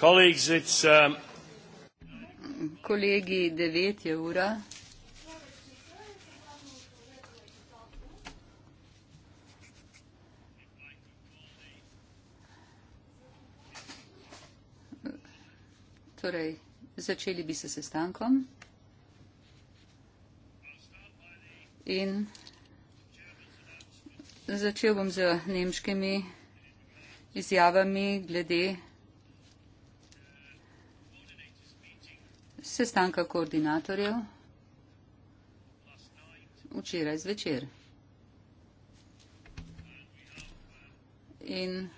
Colleagues, it's, um, Kolegi, devet je ura. Torej, začeli bi se sestankom. In začel bom z nemškimi izjavami glede sestanka koordinatorjev včeraj zvečer. In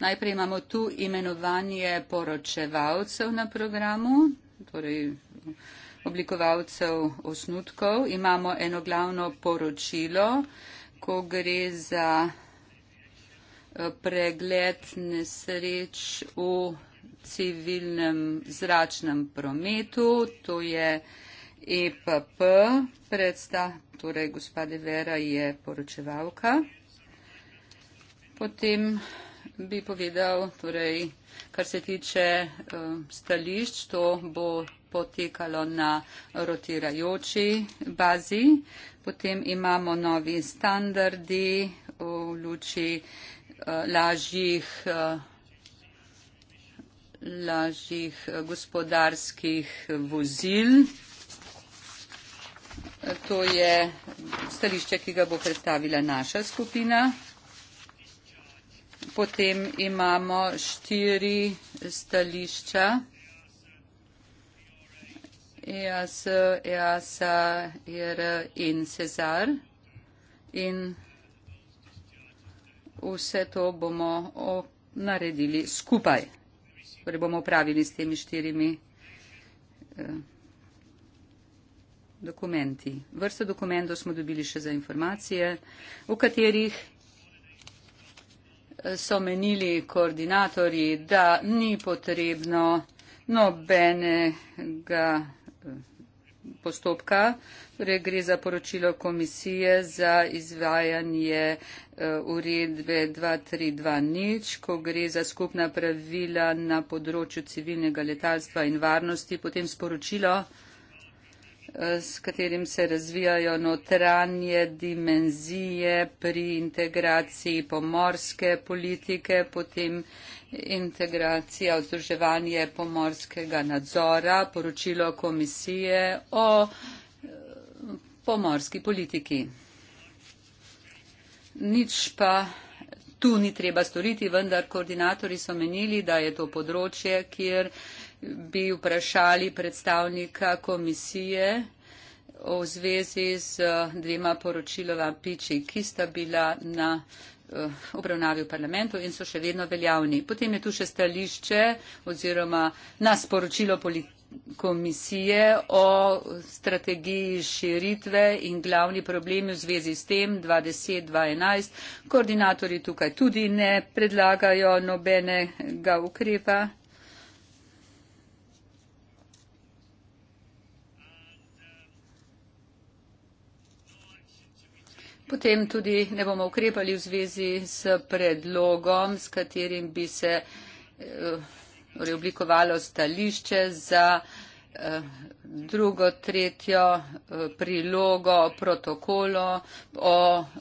najprej imamo tu imenovanje poročevalcev na programu, torej oblikovalcev osnutkov. Imamo eno glavno poročilo, ko gre za eh, pregled nesreč v civilnem zračnem prometu, to je EPP, predsta, torej gospa Devera je poročevalka. Potem bi povedal, torej, kar se tiče uh, stališč, to bo potekalo na rotirajoči bazi. Potem imamo novi standardi v luči uh, lažjih. Uh, lažjih eh, gospodarskih eh, vozil. Eh, to je stališče, ki ga bo predstavila naša skupina. Potem imamo štiri stališča. EAS, EASA, IR e in Cezar. In vse to bomo naredili skupaj torej bomo upravili s temi štirimi eh, dokumenti. Vrsto dokumentov smo dobili še za informacije, v katerih eh, so menili koordinatorji, da ni potrebno nobenega. Eh, postopka. Torej gre za poročilo komisije za izvajanje eh, uredbe 2320, ko gre za skupna pravila na področju civilnega letalstva in varnosti, potem sporočilo. Eh, s katerim se razvijajo notranje dimenzije pri integraciji pomorske politike, potem integracija, vzdrževanje pomorskega nadzora, poročilo komisije o eh, pomorski politiki. Nič pa tu ni treba storiti, vendar koordinatori so menili, da je to področje, kjer bi vprašali predstavnika komisije v zvezi z eh, dvema poročilova Piči, ki sta bila na eh, obravnavi v parlamentu in so še vedno veljavni. Potem je tu še stališče oziroma nas poročilo komisije o strategiji širitve in glavni problemi v zvezi s tem 2010-2011. Koordinatorji tukaj tudi ne predlagajo nobenega ukrepa. Potem tudi ne bomo ukrepali v zvezi s predlogom, s katerim bi se uh, oblikovalo stališče za eh, drugo, tretjo eh, prilogo, protokolo o,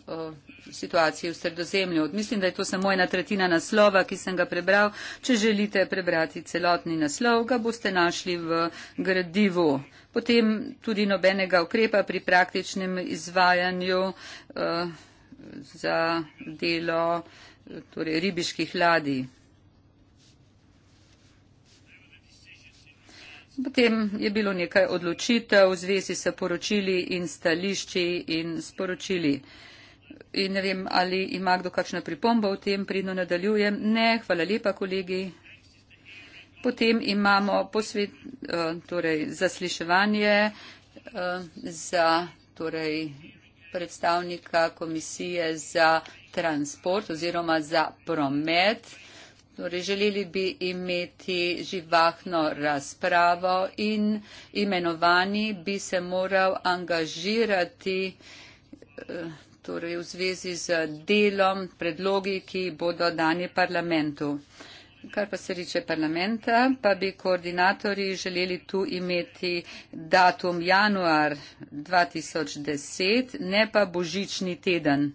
o situaciji v sredozemlju. Mislim, da je to samo ena tretjina naslova, ki sem ga prebral. Če želite prebrati celotni naslov, ga boste našli v gradivu potem tudi nobenega ukrepa pri praktičnem izvajanju eh, za delo torej ribiških ladij. Potem je bilo nekaj odločitev v zvezi s poročili in stališči in sporočili. In ne vem, ali ima kdo kakšno pripombo v tem, pridno nadaljujem. Ne, hvala lepa, kolegi. Potem imamo posvet, eh, torej zasliševanje eh, za torej predstavnika komisije za transport oziroma za promet. Torej, želeli bi imeti živahno razpravo in imenovani bi se moral angažirati eh, torej, v zvezi z delom predlogi, ki bodo dani parlamentu. Kar pa se reče parlamenta, pa bi koordinatori želeli tu imeti datum januar 2010, ne pa božični teden,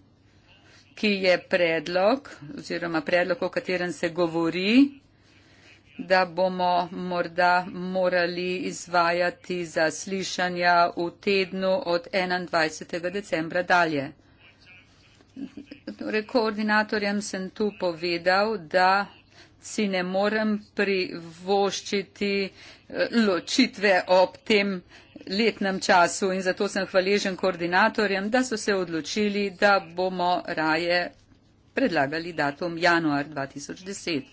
ki je predlog oziroma predlog, o katerem se govori, da bomo morda morali izvajati zaslišanja v tednu od 21. decembra dalje. Torej, koordinatorjem sem tu povedal, da si ne morem privoščiti eh, ločitve ob tem letnem času in zato sem hvaležen koordinatorjem, da so se odločili, da bomo raje predlagali datum januar 2010.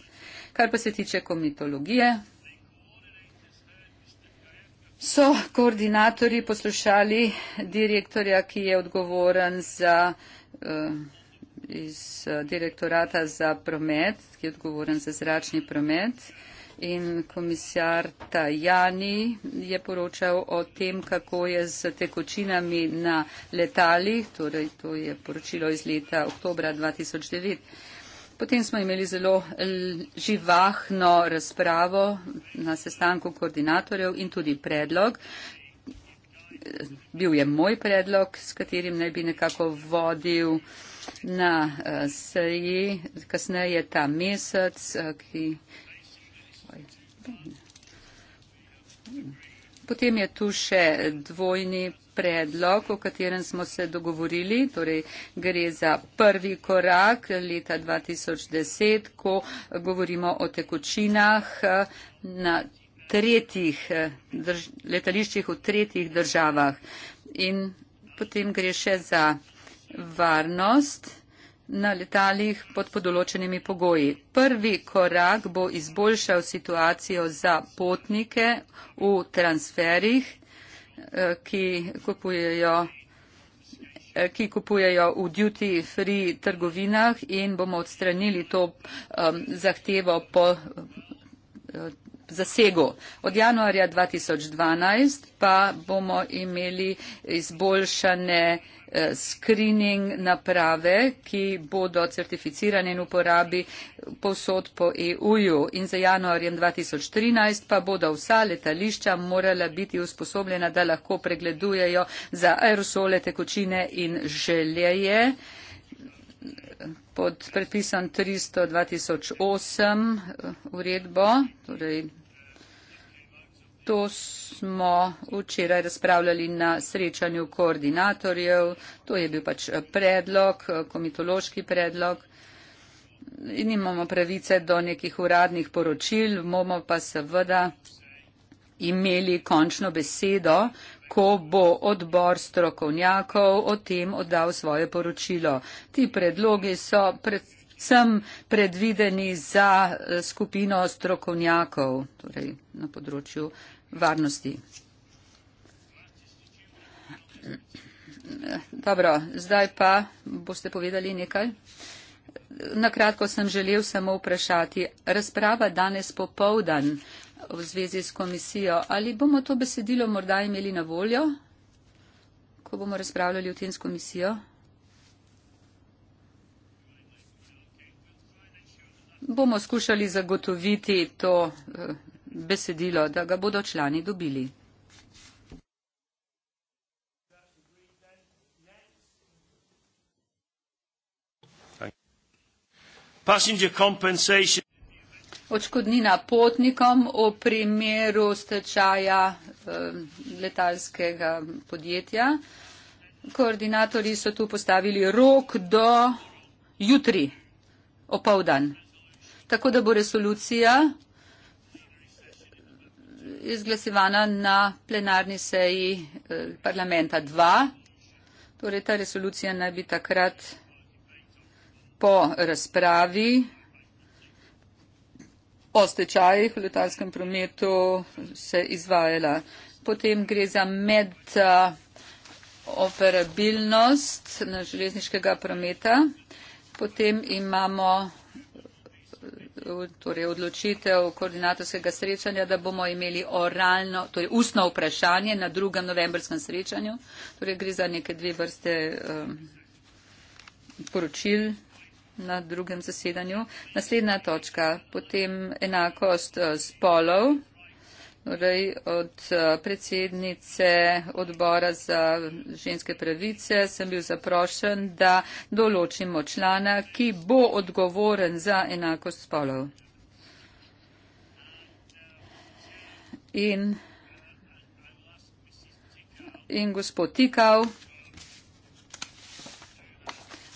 Kar pa se tiče komitologije, so koordinatorji poslušali direktorja, ki je odgovoren za. Uh, iz eh, direktorata za promet, ki je odgovoren za zračni promet. In komisar Tajani je poročal o tem, kako je z tekočinami na letalih, torej to je poročilo iz leta oktobra 2009. Potem smo imeli zelo živahno razpravo na sestanku koordinatorjev in tudi predlog, bil je moj predlog, s katerim naj bi nekako vodil na eh, seji kasneje ta mesec, eh, ki. Potem je tu še dvojni predlog, o katerem smo se dogovorili. Torej, gre za prvi korak leta 2010, ko govorimo o tekočinah eh, na tretjih eh, drž, letališčih v tretjih državah. In potem gre še za varnost na letalih pod podoločenimi pogoji. Prvi korak bo izboljšal situacijo za potnike v transferih, eh, ki kupujejo eh, ki kupujejo v duty free trgovinah in bomo odstranili to um, zahtevo po um, zasegu. Od januarja 2012 pa bomo imeli izboljšane eh, screening naprave, ki bodo certificirane in uporabi povsod po EU-ju. In za januarjem 2013 pa bodo vsa letališča morala biti usposobljena, da lahko pregledujejo za aerosole, tekočine in želeje pod predpisan 300-2008 eh, uredbo. Torej, to smo včeraj razpravljali na srečanju koordinatorjev. To je bil pač eh, predlog, eh, komitološki predlog. In imamo pravice do nekih uradnih poročil, bomo pa seveda imeli končno besedo ko bo odbor strokovnjakov o tem oddal svoje poročilo. Ti predlogi so predvsem predvideni za eh, skupino strokovnjakov torej na področju varnosti. Dobro, zdaj pa boste povedali nekaj. Nakratko sem želel samo vprašati, razprava danes popovdan v zvezi s komisijo. Ali bomo to besedilo morda imeli na voljo, ko bomo razpravljali o tem s komisijo? Bomo skušali zagotoviti to eh, besedilo, da ga bodo člani dobili. Passenger compensation očkodnina potnikom v primeru stečaja eh, letalskega podjetja. Koordinatorji so tu postavili rok do jutri, opoldan. Tako da bo resolucija izglasivana na plenarni seji eh, parlamenta 2. Torej, ta resolucija naj bi takrat po razpravi o stečajih v letalskem prometu se izvajala. Potem gre za medoperabilnost na železniškega prometa. Potem imamo torej odločitev koordinatorskega srečanja, da bomo imeli oralno, torej ustno vprašanje na drugem novembrskem srečanju. Torej gre za neke dve vrste um, poročil na drugem zasedanju. Naslednja točka, potem enakost eh, spolov, torej od eh, predsednice odbora za ženske pravice sem bil zaprošen, da določimo člana, ki bo odgovoren za enakost spolov. In, in gospod Tikal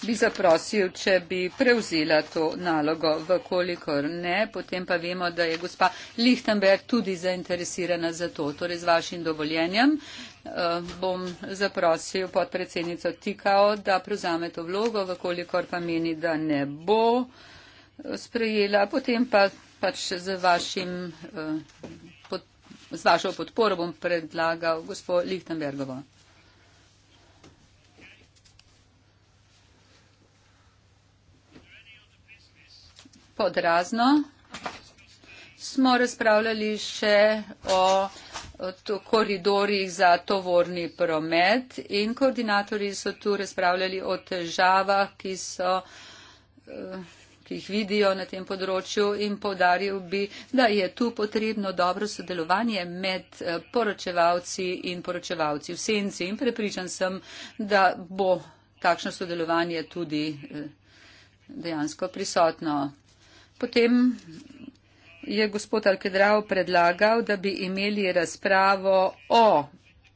bi zaprosil, če bi prevzela to nalogo, vkolikor ne, potem pa vemo, da je gospa Lichtenberg tudi zainteresirana za to. Torej, z vašim dovoljenjem eh, bom zaprosil podpredsednico Tikao, da prevzame to vlogo, vkolikor pa meni, da ne bo eh, sprejela, potem pa pač z, vašim, eh, z vašo podporo bom predlagal gospod Lichtenbergovo. pod razno. Smo razpravljali še o koridorjih za tovorni promet in koordinatorji so tu razpravljali o težavah, ki so eh, ki jih vidijo na tem področju in podaril bi, da je tu potrebno dobro sodelovanje med eh, poročevalci in poročevalci v senci in prepričan sem, da bo takšno sodelovanje tudi eh, dejansko prisotno. Potem je gospod Alkedrav predlagal, da bi imeli razpravo o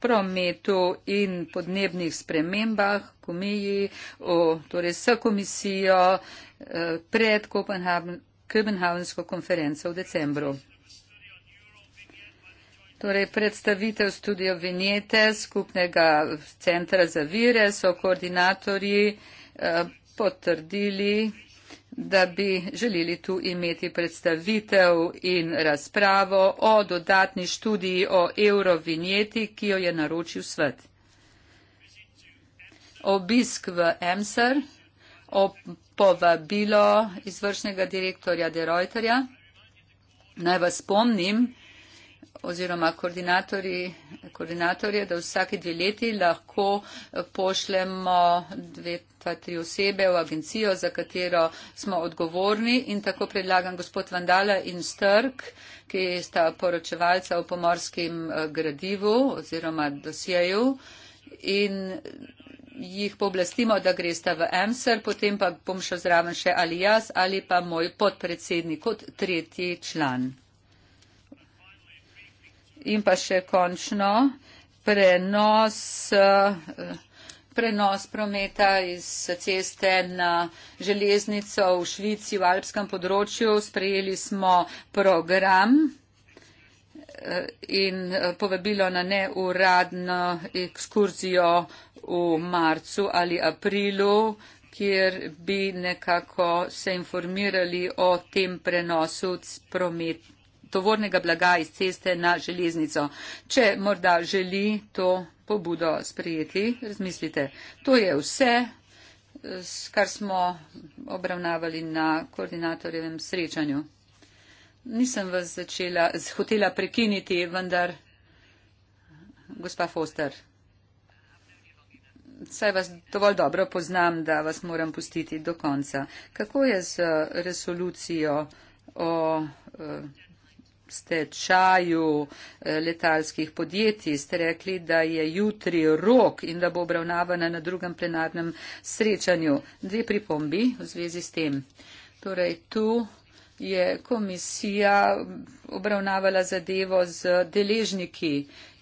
prometu in podnebnih spremembah komiji, o, torej s komisijo eh, pred Kopenhavnsko konferenco v decembru. Torej predstavitev studio Vinjete skupnega centra za vire so koordinatorji eh, potrdili da bi želeli tu imeti predstavitev in razpravo o dodatni študiji o eurovinjeti, ki jo je naročil svet. Obisk v EMSR, povabilo izvršnega direktorja De Reuterja. Naj vas spomnim, oziroma koordinatorje, da vsake dve leti lahko eh, pošljemo dve, ta tri osebe v agencijo, za katero smo odgovorni in tako predlagam gospod Vandala in Strk, ki sta poročevalca o pomorskem eh, gradivu oziroma dosjeju in jih poblastimo, da gresta v EMSR, potem pa bom šel zraven še ali jaz ali pa moj podpredsednik kot tretji član. In pa še končno prenos, eh, prenos prometa iz ceste na železnico v Švici v alpskem področju. Sprejeli smo program eh, in eh, povabilo na neuradno ekskurzijo v marcu ali aprilu, kjer bi nekako se informirali o tem prenosu prometa tovornega blaga iz ceste na železnico. Če morda želi to pobudo sprejeti, razmislite. To je vse, kar smo obravnavali na koordinatorjevem srečanju. Nisem vas začela, hotela prekiniti, vendar, gospa Foster, saj vas dovolj dobro poznam, da vas moram pustiti do konca. Kako je z resolucijo o. Uh, stečaju eh, letalskih podjetij. Ste rekli, da je jutri rok in da bo obravnavana na drugem plenarnem srečanju. Dve pripombi v zvezi s tem. Torej, tu je komisija obravnavala zadevo z deležniki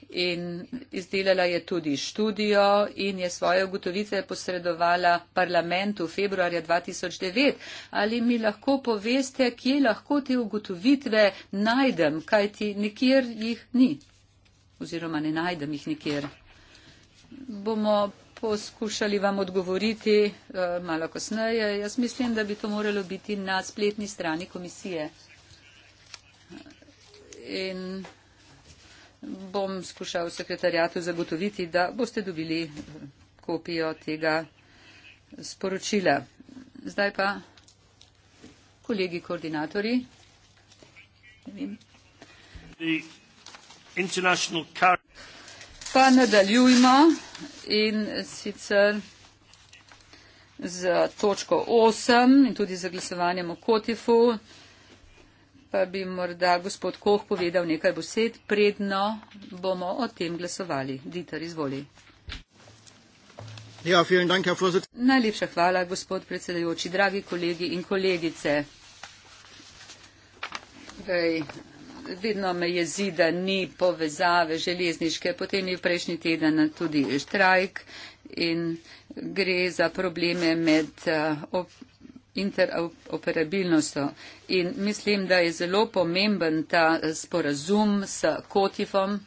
in izdelala je tudi študijo in je svoje ugotovitve posredovala parlamentu februarja 2009. Ali mi lahko poveste, kje lahko te ugotovitve najdem, kajti nikjer jih ni oziroma ne najdem jih nikjer. Bomo poskušali vam odgovoriti eh, malo kasneje. Jaz mislim, da bi to moralo biti na spletni strani komisije. In bom skušal sekretarjatu zagotoviti, da boste dobili eh, kopijo tega eh, sporočila. Zdaj pa, kolegi koordinatori. Pa nadaljujmo in sicer z točko 8 in tudi z glasovanjem o Kotifu pa bi morda gospod Koh povedal nekaj besed, predno bomo o tem glasovali. Dieter, izvoli. Ja, dank, Najlepša hvala, gospod predsedajoči, dragi kolegi in kolegice. Dej, vedno me jezi, da ni povezave železniške, potem je prejšnji teden tudi štrajk in gre za probleme med. Uh, interoperabilnostjo. In mislim, da je zelo pomemben ta eh, sporazum s Kotifom,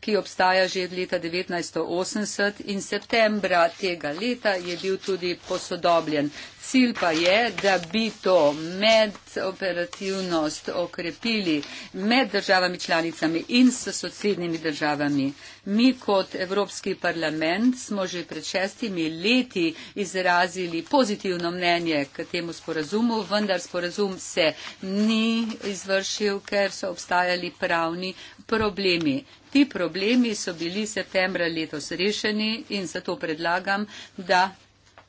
ki obstaja že od leta 1980 in septembra tega leta je bil tudi posodobljen. Cilj pa je, da bi to medoperativnost okrepili med državami članicami in s sosednjimi državami. Mi kot Evropski parlament smo že pred šestimi leti izrazili pozitivno mnenje k temu sporazumu, vendar sporazum se ni izvršil, ker so obstajali pravni problemi. Ti problemi so bili septembra letos rešeni in zato predlagam, da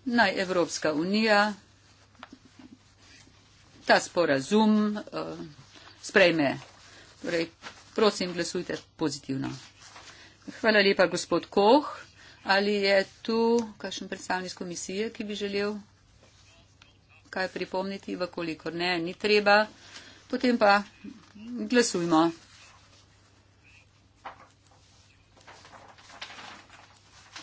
naj Evropska unija ta sporazum uh, sprejme. Torej, prosim, glasujte pozitivno. Hvala lepa, gospod Koh. Ali je tu kakšen predstavnik komisije, ki bi želel kaj pripomniti, vkolikor ne, ni treba. Potem pa glasujmo.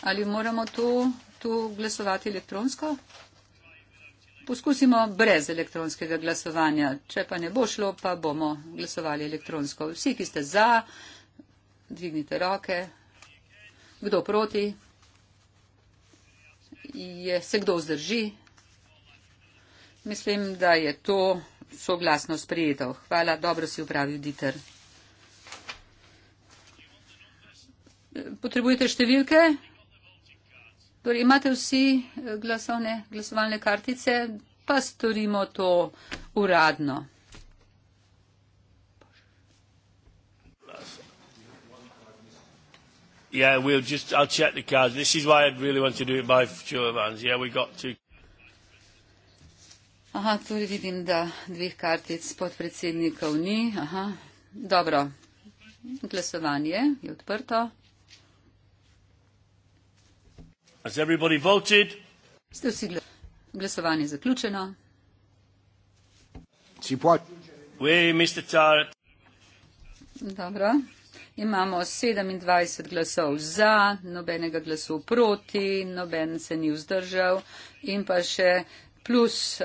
Ali moramo to tu glasovati elektronsko? Poskusimo brez elektronskega glasovanja. Če pa ne bo šlo, pa bomo glasovali elektronsko. Vsi, ki ste za, dvignite roke. Kdo proti? Je, se kdo zdrži? Mislim, da je to soglasno sprejeto. Hvala, dobro si upravil Diter. Potrebujete številke? Torej, imate vsi eh, glasovne, glasovalne kartice, pa storimo to uradno. Yeah, we'll just I'll check the cards. This is why I really want to do it by show of hands. Yeah, we got to. Aha, torej vidim, da dveh kartic podpredsednikov ni. Aha. Dobro. Glasovanje je odprto. Ste vsi glasovanje zaključeno? Dobro. Imamo 27 glasov za, nobenega glasu proti, noben se ni vzdržal in pa še plus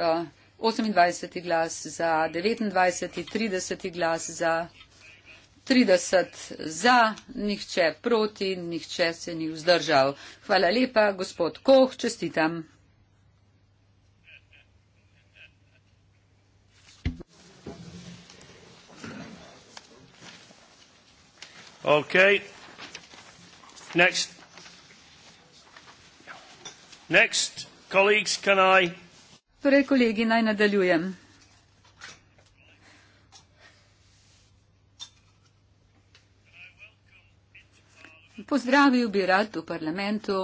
28 eh, glas za, 29, 30 glas za. 30 za, nihče proti, nihče se ni vzdržal. Hvala lepa, gospod Koh, čestitam. Okay. Next. Next, colleagues, can I? Torej, kolegi, naj nadaljujem. Pozdravil bi rad v parlamentu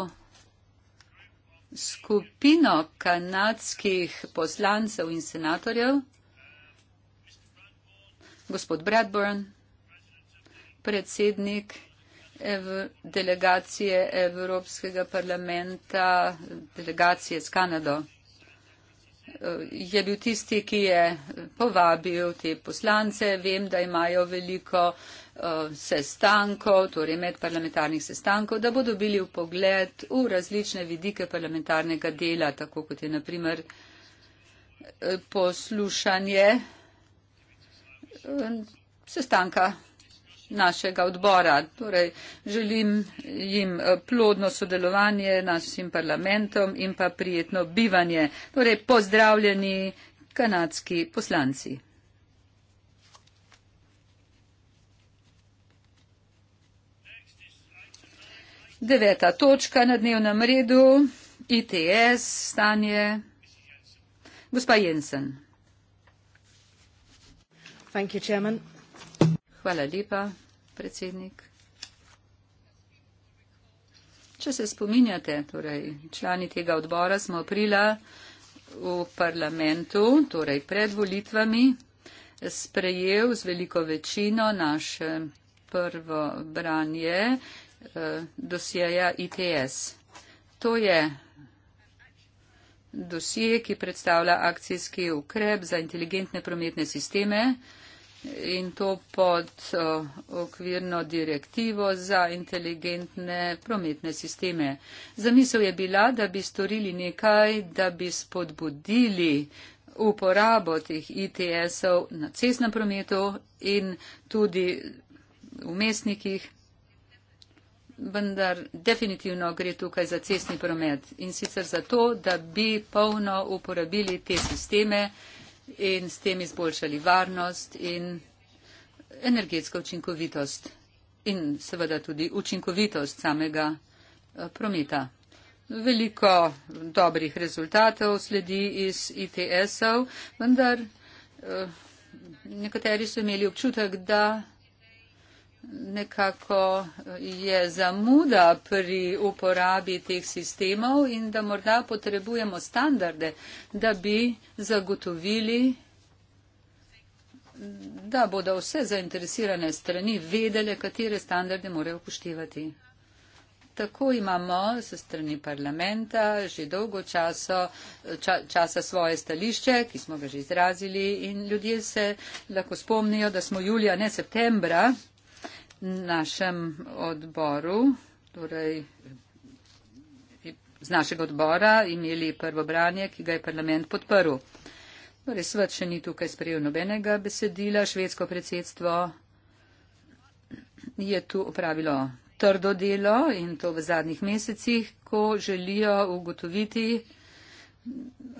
skupino kanadskih poslancev in senatorjev, gospod Bradburn, predsednik ev delegacije Evropskega parlamenta, delegacije s Kanado. Je bil tisti, ki je povabil te poslance. Vem, da imajo veliko Eh, sestankov, torej medparlamentarnih sestankov, da bodo bili v pogled v različne vidike parlamentarnega dela, tako kot je naprimer eh, poslušanje eh, sestanka našega odbora. Torej, želim jim plodno sodelovanje našim parlamentom in pa prijetno bivanje. Torej, pozdravljeni kanadski poslanci. Deveta točka na dnevnem redu, ITS, stanje. Gospa Jensen. Thank you, chairman. Hvala lepa, predsednik. Če se spominjate, torej člani tega odbora smo aprila v parlamentu, torej pred volitvami, sprejel z veliko večino naše prvo branje Eh, dosjeja ITS. To je dosje, ki predstavlja akcijski ukrep za inteligentne prometne sisteme in to pod eh, okvirno direktivo za inteligentne prometne sisteme. Zamisel je bila, da bi storili nekaj, da bi spodbudili uporabo teh ITS-ov na cestnem prometu in tudi v mestnikih vendar definitivno gre tukaj za cestni promet in sicer zato, da bi polno uporabili te sisteme in s tem izboljšali varnost in energetsko učinkovitost in seveda tudi učinkovitost samega eh, prometa. Veliko dobrih rezultatov sledi iz ITS-ov, vendar eh, nekateri so imeli občutek, da nekako eh, je zamuda pri uporabi teh sistemov in da morda potrebujemo standarde, da bi zagotovili, da bodo vse zainteresirane strani vedele, katere standarde morajo upoštevati. Tako imamo se strani parlamenta že dolgo časa, ča, časa svoje stališče, ki smo ga že izrazili in ljudje se lahko spomnijo, da smo julija, ne septembra, našem odboru, torej eh, z našega odbora imeli prvo branje, ki ga je parlament podprl. Torej, svet še ni tukaj sprejel nobenega besedila, švedsko predsedstvo je tu opravilo trdo delo in to v zadnjih mesecih, ko želijo ugotoviti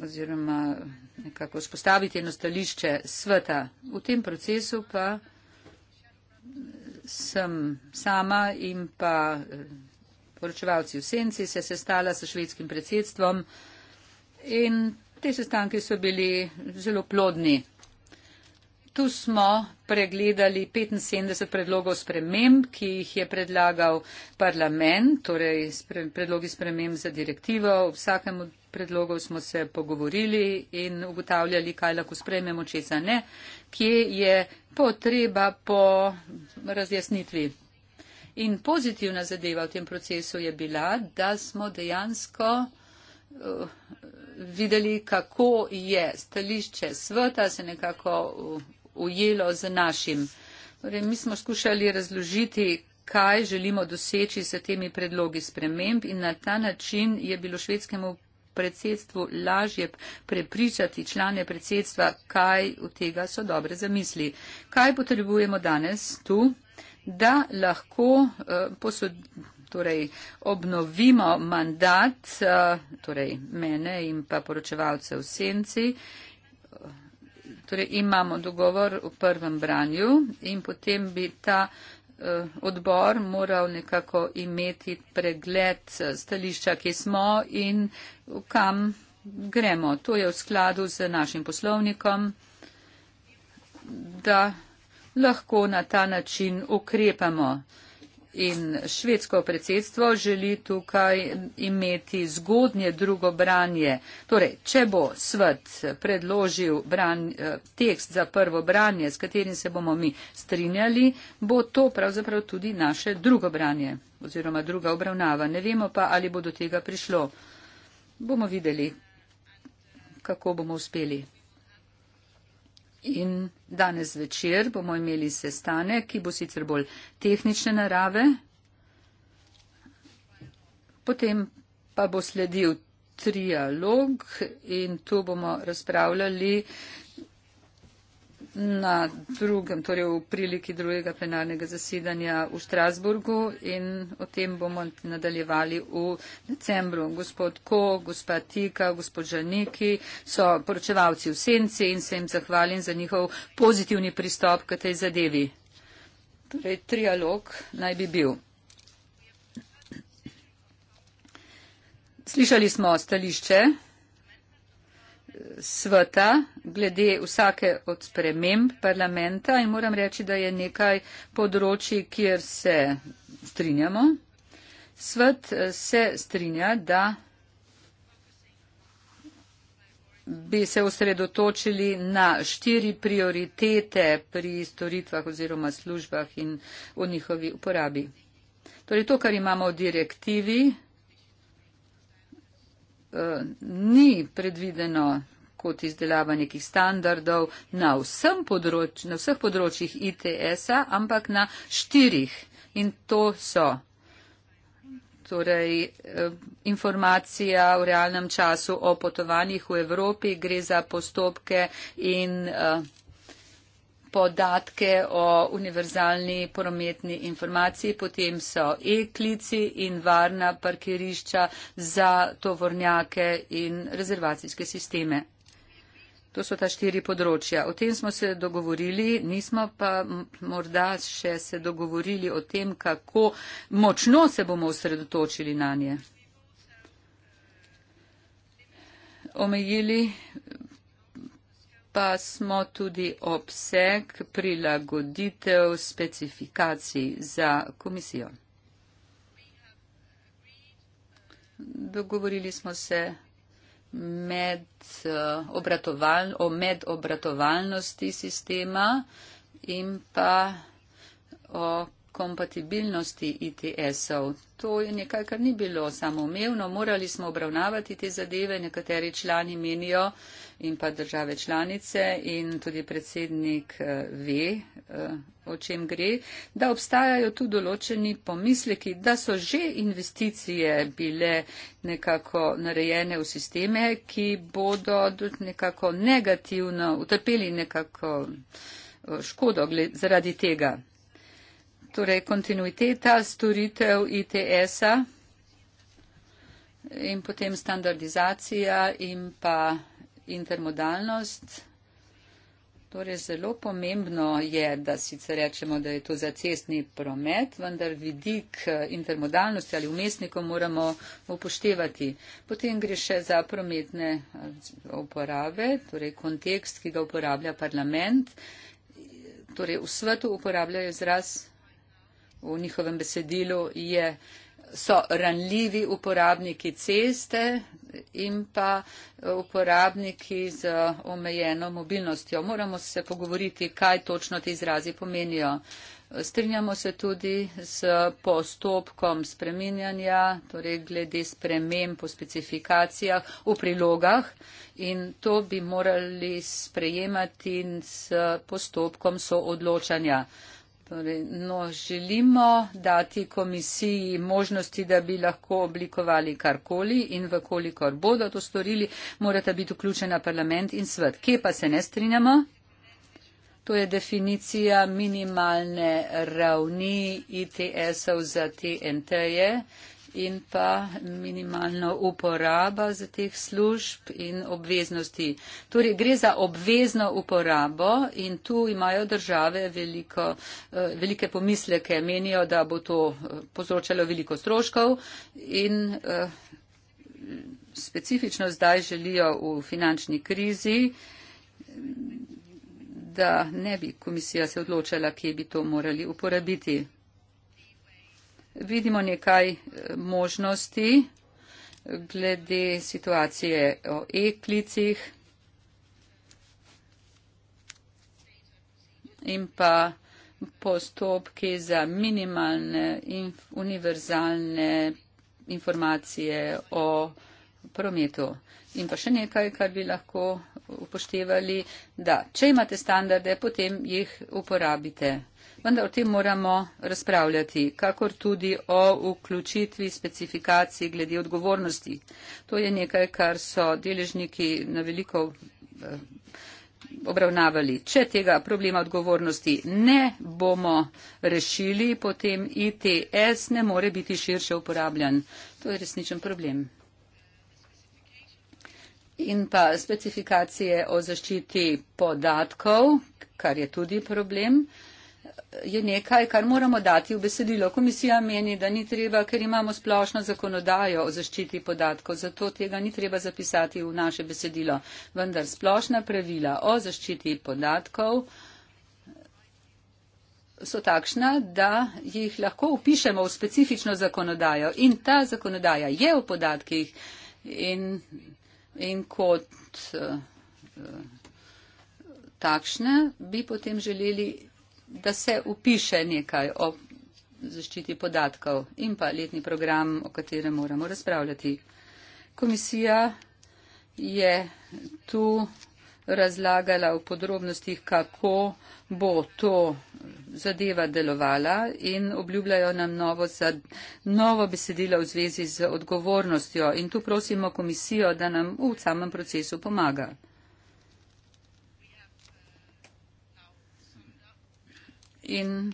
oziroma nekako spostaviti eno stališče sveta. V tem procesu pa sem sama in pa eh, poročevalci v Senci se sestala s švedskim predsedstvom in te sestanke so bili zelo plodni. Tu smo pregledali 75 predlogov sprememb, ki jih je predlagal parlament, torej spre, predlogi sprememb za direktivo. V vsakem od predlogov smo se pogovorili in ugotavljali, kaj lahko sprememo, česa ne, kje je potreba po razjasnitvi. In pozitivna zadeva v tem procesu je bila, da smo dejansko uh, videli, kako je stališče sveta se nekako. Uh, ujelo z našim. Torej, mi smo skušali razložiti, kaj želimo doseči s temi predlogi sprememb in na ta način je bilo švedskemu predsedstvu lažje prepričati člane predsedstva, kaj od tega so dobre zamisli. Kaj potrebujemo danes tu, da lahko uh, posod, torej, obnovimo mandat uh, torej, mene in pa poročevalce v senci? Uh, Torej imamo dogovor v prvem branju in potem bi ta eh, odbor moral nekako imeti pregled eh, stališča, ki smo in kam gremo. To je v skladu z našim poslovnikom, da lahko na ta način ukrepamo in švedsko predsedstvo želi tukaj imeti zgodnje drugo branje. Torej, če bo svet predložil bran, eh, tekst za prvo branje, s katerim se bomo mi strinjali, bo to pravzaprav tudi naše drugo branje oziroma druga obravnava. Ne vemo pa, ali bo do tega prišlo. Bomo videli, kako bomo uspeli. In danes večer bomo imeli sestanek, ki bo sicer bolj tehnične narave. Potem pa bo sledil trialog in tu bomo razpravljali na drugem, torej v priliki drugega plenarnega zasedanja v Strasburgu in o tem bomo nadaljevali v decembru. Gospod Ko, gospa Tika, gospod Žaniki so poročevalci v Senci in se jim zahvalim za njihov pozitivni pristop k tej zadevi. Torej, trialog naj bi bil. Slišali smo stališče sveta glede vsake od sprememb parlamenta in moram reči, da je nekaj področji, kjer se strinjamo. Svet eh, se strinja, da bi se osredotočili na štiri prioritete pri storitvah oziroma službah in v njihovi uporabi. Torej, to, kar imamo v direktivi, Eh, ni predvideno kot izdelava nekih standardov na, področ, na vseh področjih ITS-a, ampak na štirih. In to so torej, eh, informacija v realnem času o potovanjih v Evropi, gre za postopke in uh, podatke o univerzalni prometni informaciji, potem so e-klici in varna parkirišča za tovornjake in rezervacijske sisteme. To so ta štiri področja. O tem smo se dogovorili, nismo pa morda še se dogovorili o tem, kako močno se bomo osredotočili na nje. Omejili pa smo tudi obseg prilagoditev specifikacij za komisijo. Dogovorili smo se med eh, o medobratovalnosti sistema in pa o kompatibilnosti ITS-ov. To je nekaj, kar ni bilo samoumevno. Morali smo obravnavati te zadeve, nekateri člani menijo in pa države članice in tudi predsednik eh, ve, eh, o čem gre, da obstajajo tu določeni pomisleki, da so že investicije bile nekako narejene v sisteme, ki bodo nekako negativno utrpeli nekako eh, škodo zaradi tega torej kontinuiteta storitev ITS-a in potem standardizacija in pa intermodalnost. Torej, zelo pomembno je, da sicer rečemo, da je to za cestni promet, vendar vidik eh, intermodalnosti ali umestnikov moramo upoštevati. Potem gre še za prometne eh, uporabe, torej kontekst, ki ga uporablja parlament. Torej, v svetu uporabljajo izraz v njihovem besedilu je, so ranljivi uporabniki ceste in pa eh, uporabniki z omejeno mobilnostjo. Moramo se pogovoriti, kaj točno te izrazi pomenijo. Strinjamo se tudi s postopkom spreminjanja, torej glede sprememb po specifikacijah v prilogah in to bi morali sprejemati s postopkom soodločanja. odločanja. Torej, no, želimo dati komisiji možnosti, da bi lahko oblikovali karkoli in vkolikor bodo to storili, morata biti vključena parlament in svet. Kje pa se ne strinjamo? To je definicija minimalne ravni ITS-ov za TNT-je in pa minimalno uporaba za teh služb in obveznosti. Torej, gre za obvezno uporabo in tu imajo države veliko, eh, velike pomisleke, menijo, da bo to eh, povzročalo veliko stroškov in eh, specifično zdaj želijo v finančni krizi, da ne bi komisija se odločala, kje bi to morali uporabiti vidimo nekaj eh, možnosti eh, glede situacije o e-klicih in pa postopki za minimalne in univerzalne informacije o prometu. In pa še nekaj, kar bi lahko upoštevali, da če imate standarde, potem jih uporabite vendar o tem moramo razpravljati, kakor tudi o vključitvi specifikacij glede odgovornosti. To je nekaj, kar so deležniki na veliko eh, obravnavali. Če tega problema odgovornosti ne bomo rešili, potem ITS ne more biti širše uporabljan. To je resničen problem. In pa specifikacije o zaščiti podatkov, kar je tudi problem. Uh, je nekaj, kar moramo dati v besedilo. Komisija meni, da ni treba, ker imamo splošno zakonodajo o zaščiti podatkov, zato tega ni treba zapisati v naše besedilo. Vendar splošna pravila o zaščiti podatkov so takšna, da jih lahko upišemo v specifično zakonodajo in ta zakonodaja je v podatkih in, in kot uh, eh, eh, takšne bi potem želeli da se upiše nekaj o zaščiti podatkov in pa letni program, o katerem moramo razpravljati. Komisija je tu razlagala v podrobnostih, kako bo to zadeva delovala in obljubljajo nam novo, zad, novo besedilo v zvezi z odgovornostjo. In tu prosimo komisijo, da nam v samem procesu pomaga. in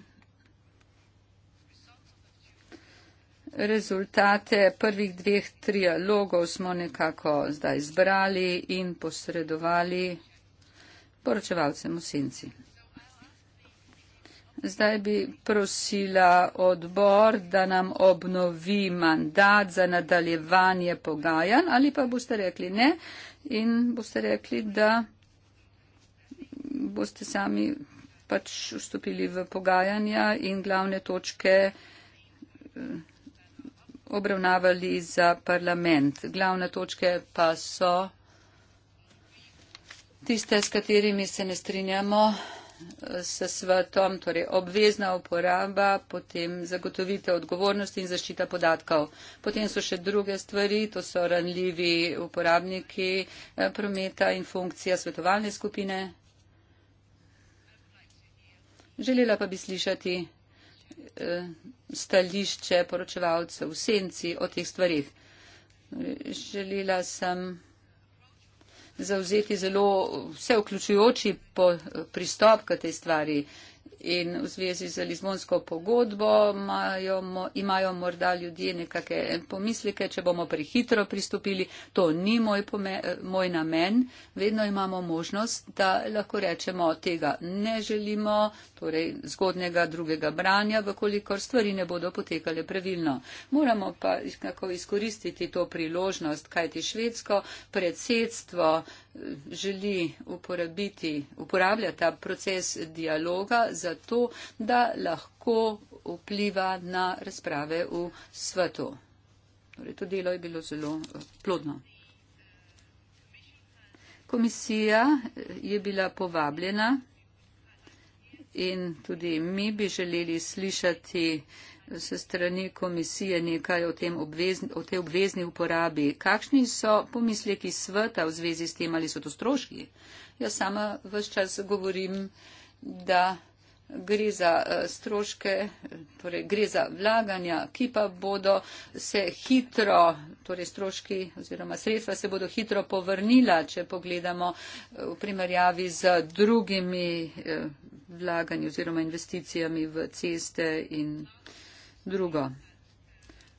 rezultate prvih dveh trialogov smo nekako zdaj zbrali in posredovali poročevalcem v senci. Zdaj bi prosila odbor, da nam obnovi mandat za nadaljevanje pogajan ali pa boste rekli ne in boste rekli, da boste sami pač vstopili v pogajanja in glavne točke eh, obravnavali za parlament. Glavne točke pa so tiste, s katerimi se ne strinjamo eh, s svetom, torej obvezna uporaba, potem zagotovitev odgovornosti in zaščita podatkov. Potem so še druge stvari, to so ranljivi uporabniki eh, prometa in funkcija svetovalne skupine. Želela pa bi slišati eh, stališče poročevalcev v senci o teh stvarih. Želela sem zauzeti zelo vseuključujoči pristop k tej stvari in v zvezi z Lizbonsko pogodbo imajo, imajo morda ljudje nekake eh, pomislike, če bomo prehitro pristopili. To ni moj, pome, eh, moj namen. Vedno imamo možnost, da lahko rečemo, tega ne želimo, torej zgodnega drugega branja, vkolikor stvari ne bodo potekale pravilno. Moramo pa izkoristiti to priložnost, kajti švedsko predsedstvo želi uporabiti, uporablja ta proces dialoga zato, da lahko vpliva na razprave v svetu. Torej, to delo je bilo zelo eh, plodno. Komisija eh, je bila povabljena in tudi mi bi želeli slišati se strani komisije nekaj o, tem obvezni, o tej obvezni uporabi. Kakšni so pomisleki sveta v zvezi s tem, ali so to stroški? Jaz sama vse čas govorim, da gre za eh, stroške, torej gre za vlaganja, ki pa bodo se hitro, torej stroški oziroma sredstva se bodo hitro povrnila, če pogledamo eh, v primerjavi z drugimi eh, vlaganji oziroma investicijami v ceste in drugo.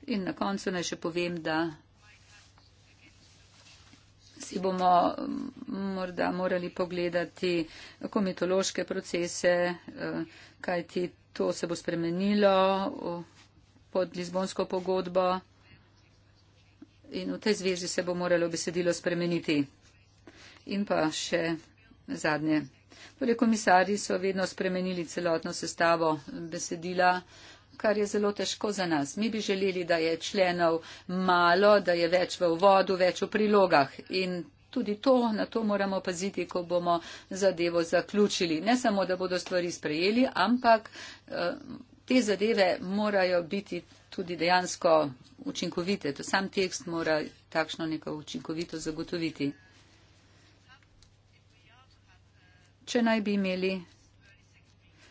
In na koncu naj še povem, da si bomo mm, morda morali pogledati komitološke procese, eh, kaj ti to se bo spremenilo pod Lizbonsko pogodbo in v tej zvezi se bo moralo besedilo spremeniti. In pa še zadnje. Torej, komisari so vedno spremenili celotno sestavo besedila kar je zelo težko za nas. Mi bi želeli, da je členov malo, da je več v vodu, več v prilogah. In tudi to, na to moramo paziti, ko bomo zadevo zaključili. Ne samo, da bodo stvari sprejeli, ampak eh, te zadeve morajo biti tudi dejansko učinkovite. To sam tekst mora takšno neko učinkovito zagotoviti. Če naj bi imeli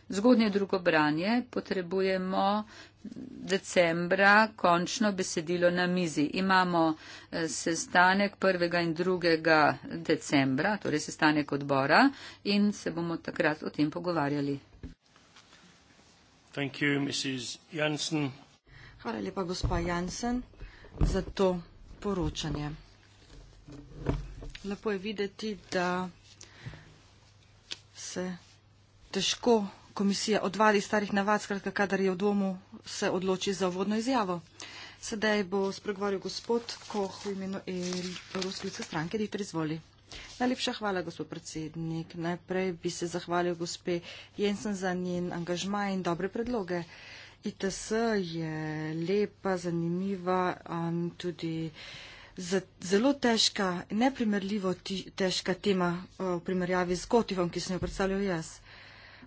Zgodnje drugo branje potrebujemo decembra končno besedilo na mizi. Imamo eh, sestanek 1. in 2. decembra, torej sestanek odbora in se bomo takrat o tem pogovarjali. You, Hvala lepa, gospa Jansen, za to poročanje. Lepo je videti, da se težko komisija odvadi starih navad, skratka, kadar je v domu, se odloči za vodno izjavo. Sedaj bo spregovoril gospod Koh v imenu Ruskice stranke, da jih prizvoli. Najlepša hvala, gospod predsednik. Najprej bi se zahvalil gospe Jensen za njen angažma in dobre predloge. ITS je lepa, zanimiva in um, tudi zelo težka, neprimerljivo težka tema uh, v primerjavi z gotivom, ki sem jo predstavljal jaz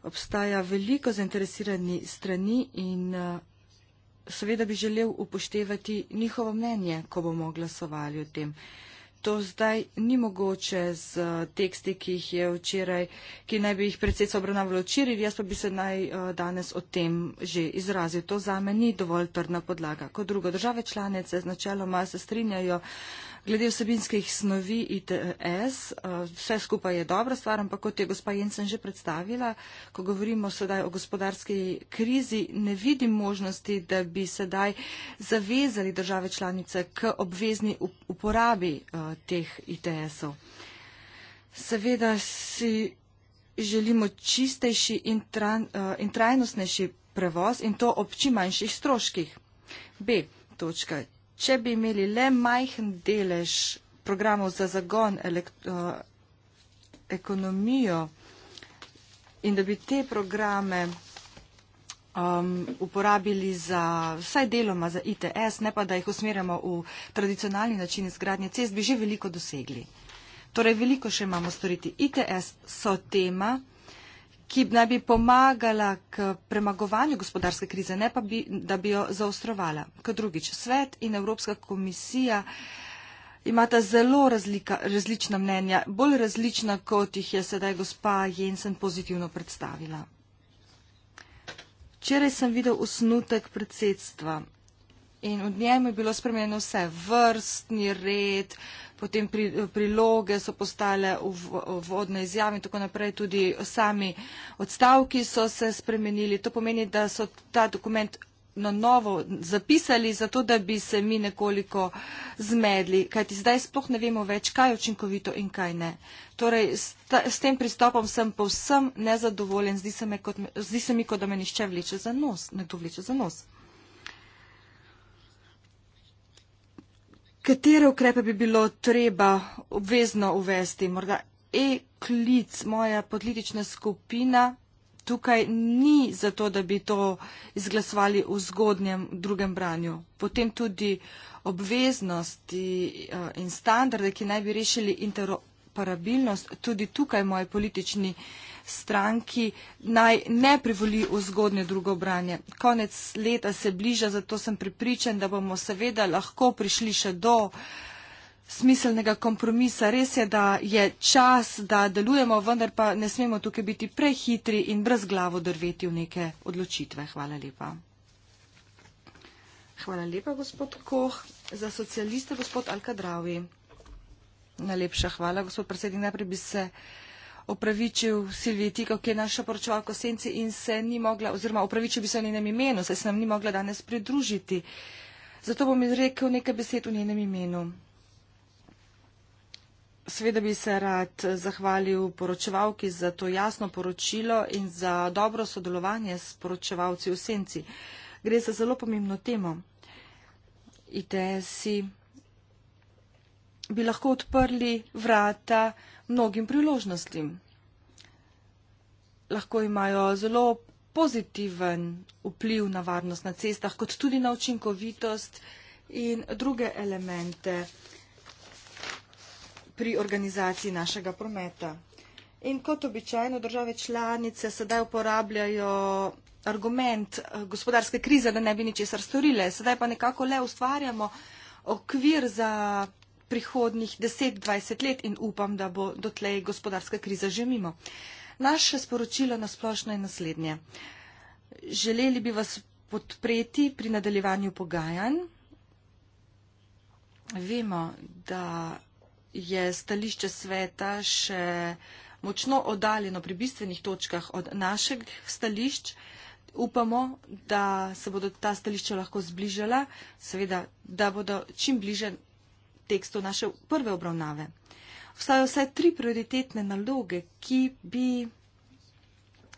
obstaja veliko zainteresirani strani in eh, seveda bi želel upoštevati njihovo mnenje, ko bomo glasovali o tem. To zdaj ni mogoče z eh, teksti, ki jih je včeraj, ki naj bi jih predsedstvo obravnavalo včeraj, jaz pa bi se naj eh, danes o tem že izrazil. To zame ni dovolj trdna podlaga. Kot drugo, države članice z načeloma se strinjajo glede vsebinskih snovi ITS, eh, vse skupaj je dobra stvar, ampak kot je gospa Jensen že predstavila, ko govorimo sedaj o gospodarski krizi, ne vidim možnosti, da bi sedaj zavezali države članice k obvezni uporabi eh, teh ITS-ov. Seveda si želimo čistejši in, tran, eh, in trajnostnejši prevoz in to ob čim manjših stroških. B. Točka če bi imeli le majhen delež programov za zagon uh, ekonomijo in da bi te programe um, uporabili za vsaj deloma za ITS, ne pa da jih usmerjamo v tradicionalni način izgradnje cest, bi že veliko dosegli. Torej, veliko še imamo storiti. ITS so tema, ki naj bi pomagala k premagovanju gospodarske krize, ne pa bi, da bi jo zaostrovala. K drugič, svet in Evropska komisija imata zelo razlika, različna mnenja, bolj različna, kot jih je sedaj gospa Jensen pozitivno predstavila. Včeraj sem videl osnutek predsedstva in v njem je bilo spremenjeno vse, vrstni red, uh, potem pri, priloge so postale vodne izjave in tako naprej, tudi sami odstavki so se spremenili. To pomeni, da so ta dokument na novo zapisali, zato da bi se mi nekoliko zmedli, kajti zdaj sploh ne vemo več, kaj je učinkovito in kaj ne. Torej, s, ta, s tem pristopom sem povsem nezadovoljen, zdi se, kot, zdi se mi, kot da me nišče vleče za nos, nekdo vleče za nos. Katere ukrepe bi bilo treba obvezno uvesti? Morda e-klic, moja politična skupina tukaj ni zato, da bi to izglasovali v zgodnjem drugem branju. Potem tudi obveznosti eh, in standarde, ki naj bi rešili interoperabilnost interoperabilnost, tudi tukaj moji politični stranki naj ne privoli v zgodnje drugo branje. Konec leta se bliža, zato sem pripričan, da bomo seveda lahko prišli še do smiselnega kompromisa. Res je, da je čas, da delujemo, vendar pa ne smemo tukaj biti prehitri in brez glavo drveti v neke odločitve. Hvala lepa. Hvala lepa, gospod Koh. Za socialiste, gospod Alkadravi. Najlepša hvala, gospod predsednik. Najprej bi se opravičil Silviji Tiko, ki je naša poročevalka senci in se ni mogla, oziroma opravičil bi se v njenem imenu, saj se nam ni mogla danes pridružiti. Zato bom izrekel nekaj besed v njenem imenu. Sveda bi se rad zahvalil poročevalki za to jasno poročilo in za dobro sodelovanje s poročevalci v senci. Gre za zelo pomembno temo. ITS-i bi lahko odprli vrata mnogim priložnostim. Lahko imajo zelo pozitiven vpliv na varnost na cestah, kot tudi na učinkovitost in druge elemente pri organizaciji našega prometa. In kot običajno države članice sedaj uporabljajo argument eh, gospodarske krize, da ne bi ničesar storile. Sedaj pa nekako le ustvarjamo okvir za prihodnih 10-20 let in upam, da bo dotlej gospodarska kriza že mimo. Naše sporočilo na splošno je naslednje. Želeli bi vas podpreti pri nadaljevanju pogajanj. Vemo, da je stališče sveta še močno oddaljeno pri bistvenih točkah od našeg stališč. Upamo, da se bodo ta stališča lahko zbližala, seveda, da bodo čim bliže kontekstu naše prve obravnave. Vstajo vsaj tri prioritetne naloge, ki bi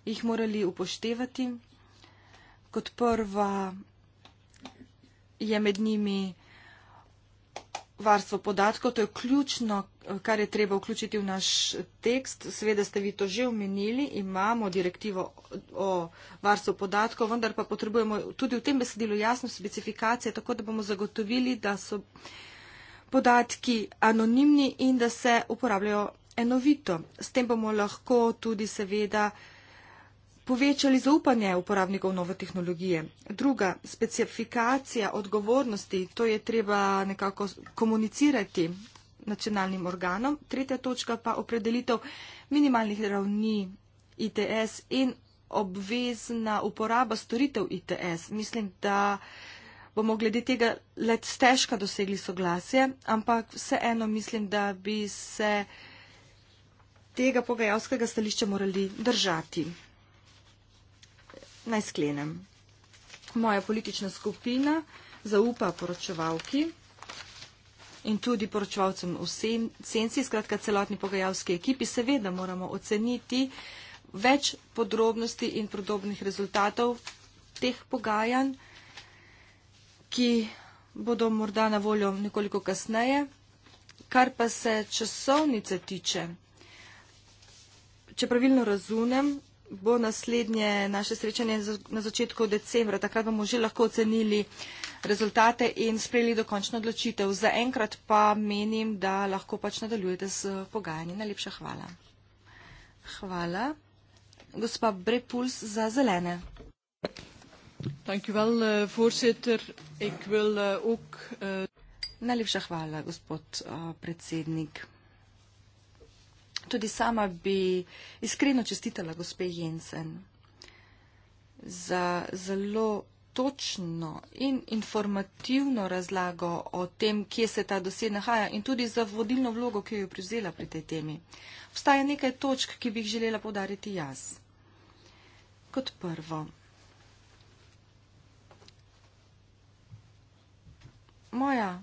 jih morali upoštevati. Kot prva je med njimi varstvo podatkov, to je ključno, kar je treba vključiti v naš tekst. Sveda ste vi to že omenili, imamo direktivo o varstvu podatkov, vendar pa potrebujemo tudi v tem besedilu jasno specifikacije, tako da bomo zagotovili, da so podatki anonimni in da se uporabljajo enovito. S tem bomo lahko tudi seveda povečali zaupanje uporabnikov nove tehnologije. Druga specifikacija odgovornosti, to je treba nekako komunicirati nacionalnim organom. Tretja točka pa opredelitev minimalnih ravni ITS in obvezna uporaba storitev ITS. Mislim, da bomo glede tega let stežka dosegli soglasje, ampak vseeno mislim, da bi se tega pogajalskega stališča morali držati. Naj sklenem. Moja politična skupina zaupa poročevalki in tudi poročevalcem v senci, skratka celotni pogajalski ekipi, seveda moramo oceniti več podrobnosti in podobnih rezultatov teh pogajanj ki bodo morda na voljo nekoliko kasneje. Kar pa se časovnice tiče, če pravilno razumem, bo naslednje naše srečanje na začetku decembra. Takrat bomo že lahko ocenili rezultate in sprejeli dokončno odločitev. Za enkrat pa menim, da lahko pač nadaljujete z pogajanji. Najlepša hvala. Hvala. Gospa Brepuls za zelene. Dank u wel, eh, voorzitter. Ik wil eh, ook. Eh, Najlepša hvala, gospod predsednik. Tudi sama bi iskreno čestitala gospe Jensen za zelo točno in informativno razlago o tem, kje se ta dosed nahaja in tudi za vodilno vlogo, ki jo je prevzela pri tej temi. Vstaja nekaj točk, ki bi jih želela podariti jaz. Kot prvo, moja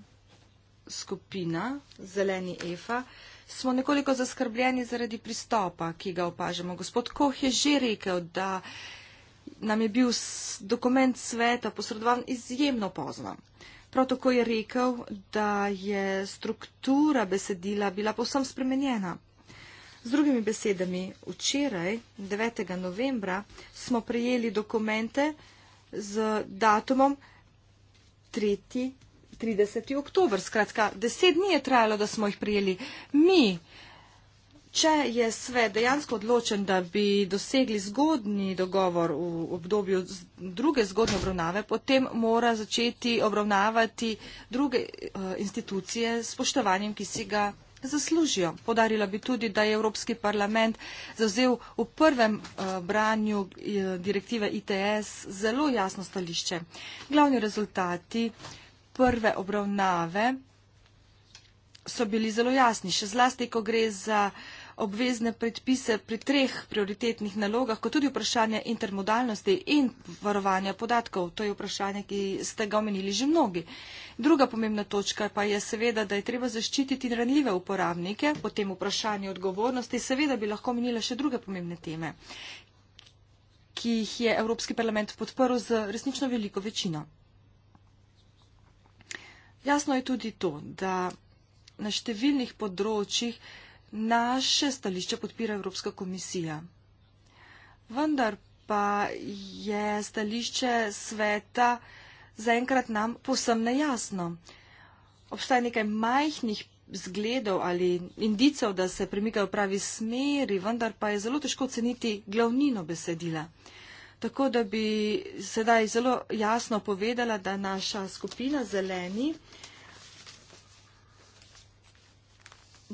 skupina, zeleni Efa, smo nekoliko zaskrbljeni zaradi pristopa, ki ga opažamo. Gospod Koh je že rekel, da nam je bil dokument sveta posredovan izjemno pozno. Prav tako je rekel, da je struktura besedila bila povsem spremenjena. Z drugimi besedami, včeraj, 9. novembra, smo prejeli dokumente z datumom 3. 30. oktober. Skratka, deset dni je trajalo, da smo jih prijeli. Mi, če je sve dejansko odločen, da bi dosegli zgodni dogovor v obdobju druge zgodne obravnave, potem mora začeti obravnavati druge uh, institucije s poštovanjem, ki si ga zaslužijo. Podarila bi tudi, da je Evropski parlament zavzel v prvem uh, branju uh, direktive ITS zelo jasno stališče. Glavni rezultati prve obravnave so bili zelo jasni, še zlasti, ko gre za obvezne predpise pri treh prioritetnih nalogah, kot tudi vprašanje intermodalnosti in varovanja podatkov. To je vprašanje, ki ste ga omenili že mnogi. Druga pomembna točka pa je seveda, da je treba zaščititi ranljive uporabnike, potem vprašanje odgovornosti, seveda bi lahko omenila še druge pomembne teme, ki jih je Evropski parlament podprl z resnično veliko večino. Jasno je tudi to, da na številnih področjih naše stališče podpira Evropska komisija. Vendar pa je stališče sveta zaenkrat nam posem nejasno. Obstaja nekaj majhnih zgledov ali indicev, da se premikajo v pravi smeri, vendar pa je zelo težko oceniti glavnino besedila. Tako da bi sedaj zelo jasno povedala, da naša skupina zeleni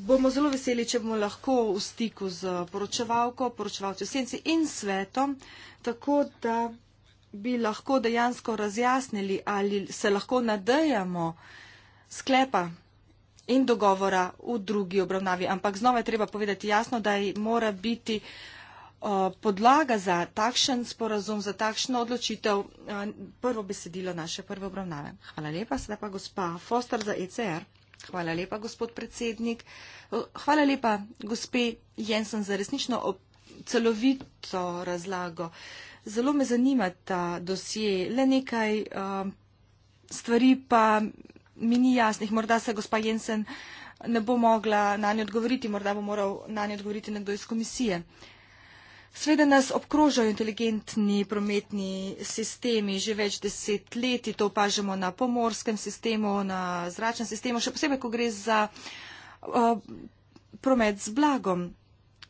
bomo zelo veseli, če bomo lahko v stiku z poročevalko, poročevalcem senci in svetom, tako da bi lahko dejansko razjasnili, ali se lahko nadejamo sklepa in dogovora v drugi obravnavi. Ampak znova je treba povedati jasno, da mora biti. Uh, Eh, podlaga za takšen sporazum, za takšno odločitev eh, prvo besedilo naše prve obravnave. Hvala lepa, sedaj pa gospa Foster za ECR. Hvala lepa, gospod predsednik. Eh, hvala lepa, gospe Jensen, za resnično celovito razlago. Zelo me zanima ta dosje. Le nekaj um, stvari pa mi ni jasnih. Morda se gospa Jensen ne bo mogla na nje odgovoriti, morda bo moral na nje odgovoriti nekdo iz komisije. Uh, Sveda nas obkrožajo inteligentni prometni sistemi že več desetletji, to opažamo na pomorskem sistemu, na zračnem sistemu, še posebej, ko gre za uh, promet z blagom.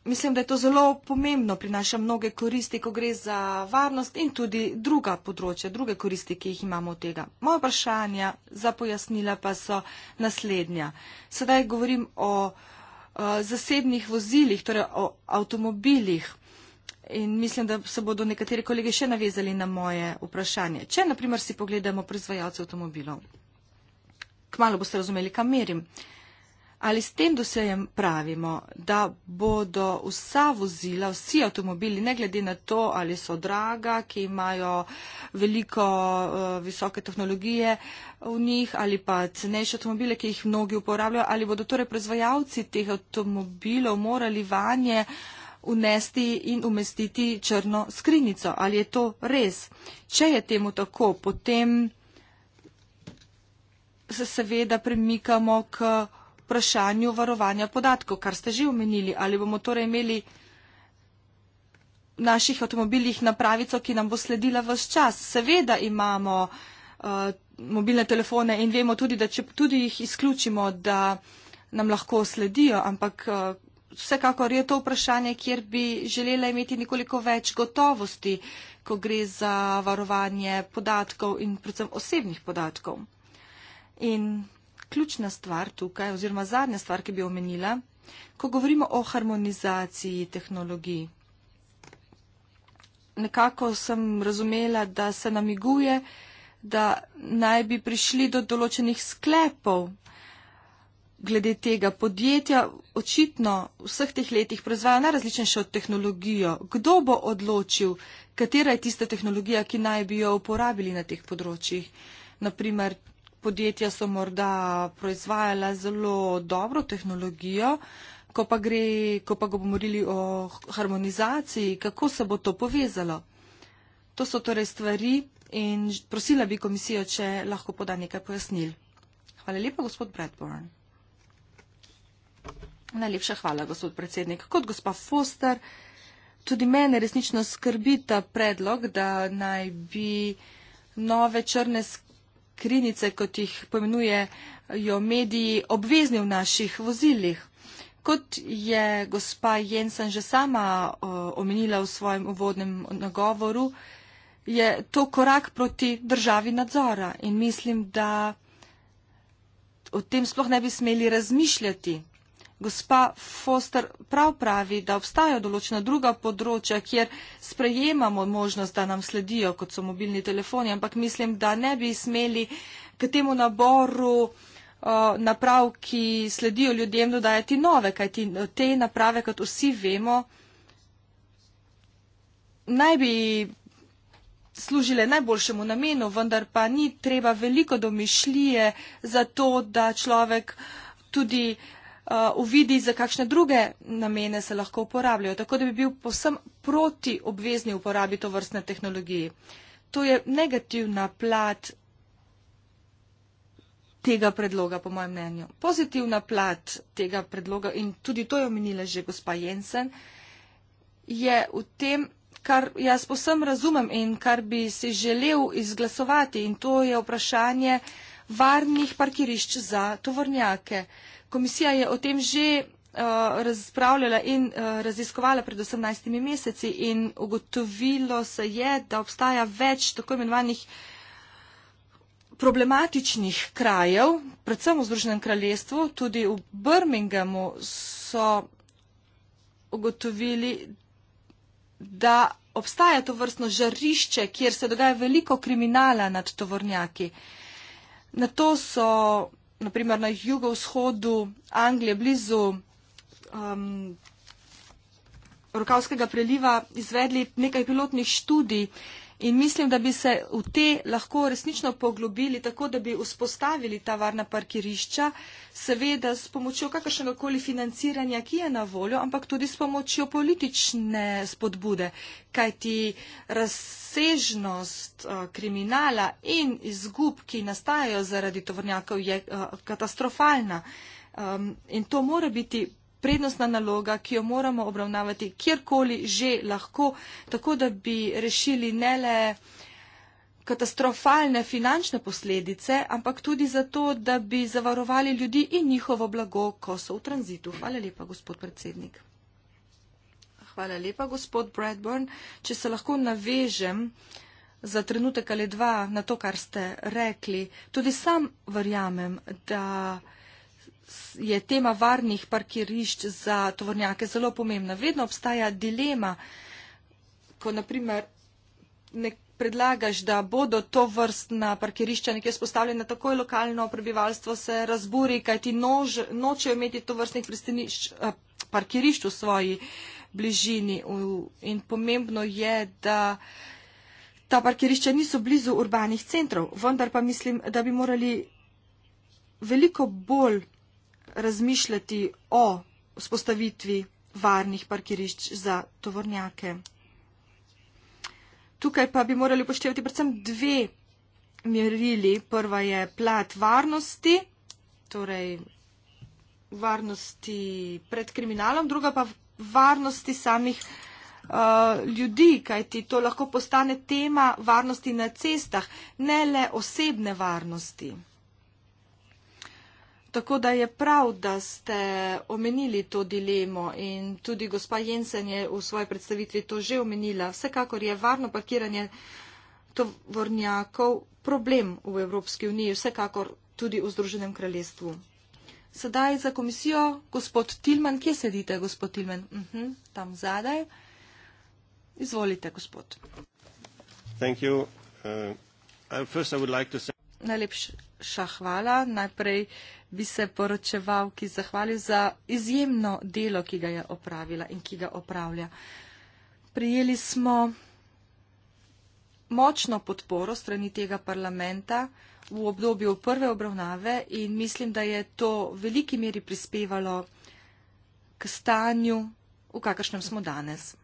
Mislim, da je to zelo pomembno, prinaša mnoge koristi, ko gre za varnost in tudi druga področja, druge koristi, ki jih imamo od tega. Moja vprašanja za pojasnila pa so naslednja. Sedaj govorim o uh, zasebnih vozilih, torej o avtomobilih. In mislim, da se bodo nekateri kolegi še navezali na moje vprašanje. Če, na primer, si pogledamo proizvajalce avtomobilov, kmalo boste razumeli, kam merim. Ali s tem dosejem pravimo, da bodo vsa vozila, vsi avtomobili, ne glede na to, ali so draga, ki imajo veliko uh, visoke tehnologije v njih, ali pa cenejše avtomobile, ki jih mnogi uporabljajo, ali bodo torej proizvajalci teh avtomobilov morali vanje uh, unesti in umestiti črno skrinjico. Ali je to res? Če je temu tako, potem se seveda premikamo k vprašanju varovanja podatkov, kar ste že omenili. Ali bomo torej imeli v naših avtomobilih napravico, ki nam bo sledila v vse čas? Seveda imamo uh, mobilne telefone in vemo tudi, da če tudi jih izključimo, da nam lahko sledijo, ampak uh, vsekakor je to vprašanje, kjer bi želela imeti nekoliko več gotovosti, ko gre za varovanje podatkov in predvsem osebnih podatkov. In ključna stvar tukaj, oziroma zadnja stvar, ki bi omenila, ko govorimo o harmonizaciji tehnologij. Nekako sem razumela, da se namiguje, da naj bi prišli do določenih sklepov glede tega podjetja, očitno v vseh teh letih proizvaja najrazličnejšo tehnologijo. Kdo bo odločil, katera je tista tehnologija, ki naj bi jo uporabili na teh področjih? Naprimer, podjetja so morda proizvajala zelo dobro tehnologijo, ko pa, gre, ko pa govorili o harmonizaciji, kako se bo to povezalo. To so torej stvari in prosila bi komisijo, če lahko poda nekaj pojasnil. Hvala lepa, gospod Bradburn. Najlepša hvala, gospod predsednik. Kot gospa Foster, tudi mene resnično skrbi ta predlog, da naj bi nove črne skrinice, kot jih pomenujejo mediji, obvezni v naših vozilih. Kot je gospa Jensen že sama o, omenila v svojem uvodnem nagovoru, je to korak proti državi nadzora in mislim, da o tem sploh ne bi smeli razmišljati. Gospa Foster prav pravi, da obstajajo določena druga področja, kjer sprejemamo možnost, da nam sledijo, kot so mobilni telefoni, ampak mislim, da ne bi smeli k temu naboru uh, naprav, ki sledijo ljudem, dodajati nove, kajti uh, te naprave, kot vsi vemo, naj bi služile najboljšemu namenu, vendar pa ni treba veliko domišljije za to, da človek tudi uh, Uh, uvidi, za kakšne druge namene se lahko uporabljajo. Tako da bi bil posem proti obvezni uporabi to vrstne tehnologiji. To je negativna plat tega predloga, po mojem mnenju. Pozitivna plat tega predloga in tudi to je omenila že gospa Jensen, je v tem, kar jaz posem razumem in kar bi si želel izglasovati in to je vprašanje varnih parkirišč za tovornjake komisija je o tem že eh, razpravljala in eh, raziskovala pred 18 meseci in ugotovilo se je, da obstaja več tako imenovanih problematičnih krajev, predvsem v Združenem kraljestvu, tudi v Birminghamu so ugotovili, da obstaja to vrstno žarišče, kjer se dogaja veliko kriminala nad tovornjaki. Na to so naprimer na jugovzhodu Anglije, blizu um, Rokavskega preliva, izvedli nekaj pilotnih študij uh, In mislim, da bi se v te lahko resnično poglobili, tako da bi vzpostavili ta varna parkirišča, seveda s pomočjo kakršnega koli financiranja, ki je na voljo, ampak tudi s pomočjo politične spodbude. Kaj ti razsežnost eh, kriminala in izgub, ki nastajajo zaradi tovrnjakov, je eh, katastrofalna. Ehm, in to mora biti prednostna naloga, ki jo moramo obravnavati kjerkoli že lahko, tako da bi rešili ne le katastrofalne finančne posledice, ampak tudi zato, da bi zavarovali ljudi in njihovo blago, ko so v tranzitu. Hvala lepa, gospod predsednik. Hvala lepa, gospod Bradburn. Če se lahko navežem za trenutek ali dva na to, kar ste rekli, tudi sam verjamem, da je tema varnih parkirišč za tovornjake zelo pomembna. Vedno obstaja dilema, ko naprimer nek predlagaš, da bodo to vrstna parkirišča nekje spostavljena, takoj lokalno prebivalstvo se razburi, kaj ti nož, nočejo imeti to vrstnih eh, parkirišč v svoji bližini. In pomembno je, da ta parkirišča niso blizu urbanih centrov, vendar pa mislim, da bi morali veliko bolj razmišljati o vzpostavitvi varnih parkirišč za tovornjake. Tukaj pa bi morali upoštevati predvsem dve merili. Prva je plat varnosti, torej varnosti pred kriminalom, druga pa varnosti samih uh, ljudi, kajti to lahko postane tema varnosti na cestah, ne le osebne varnosti. Tako da je prav, da ste omenili to dilemo in tudi gospa Jensen je v svoji predstavitvi to že omenila. Vsekakor je varno parkiranje tovornjakov problem v Evropski uniji, vsekakor tudi v Združenem kraljestvu. Sedaj za komisijo, gospod Tilman, kje sedite, gospod Tilman? Uh mhm, -huh, tam zadaj. Izvolite, gospod. Uh, like say... Najlepše najlepša hvala. Najprej bi se poročevalki zahvalil za izjemno delo, ki ga je opravila in ki ga opravlja. Prijeli smo močno podporo strani tega parlamenta v obdobju prve obravnave in mislim, da je to v veliki meri prispevalo k stanju, v kakršnem smo danes.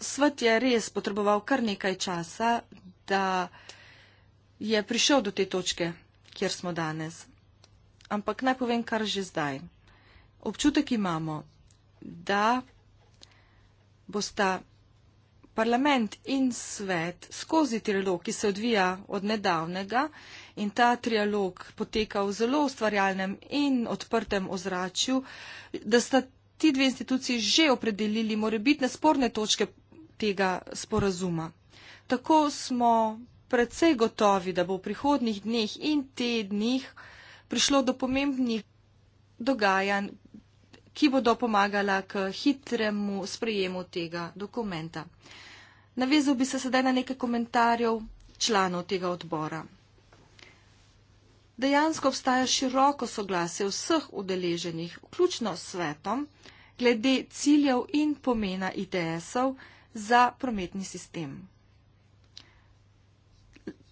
Svet je res potreboval kar nekaj časa, da je prišel do te točke, kjer smo danes. Ampak naj povem kar že zdaj. Občutek imamo, da bosta parlament in svet skozi trialog, ki se odvija od nedavnega in ta trialog poteka v zelo ustvarjalnem in odprtem ozračju, da sta ti dve instituciji že opredelili morebitne sporne točke tega sporazuma. Tako smo predvsej gotovi, da bo v prihodnih dneh in tednih prišlo do pomembnih dogajanj, ki bodo pomagala k hitremu sprejemu tega dokumenta. Navezal bi se sedaj na nekaj komentarjev članov tega odbora. Dejansko obstaja široko soglasje vseh udeleženih, vključno s svetom, glede ciljev in pomena ITS-ov za prometni sistem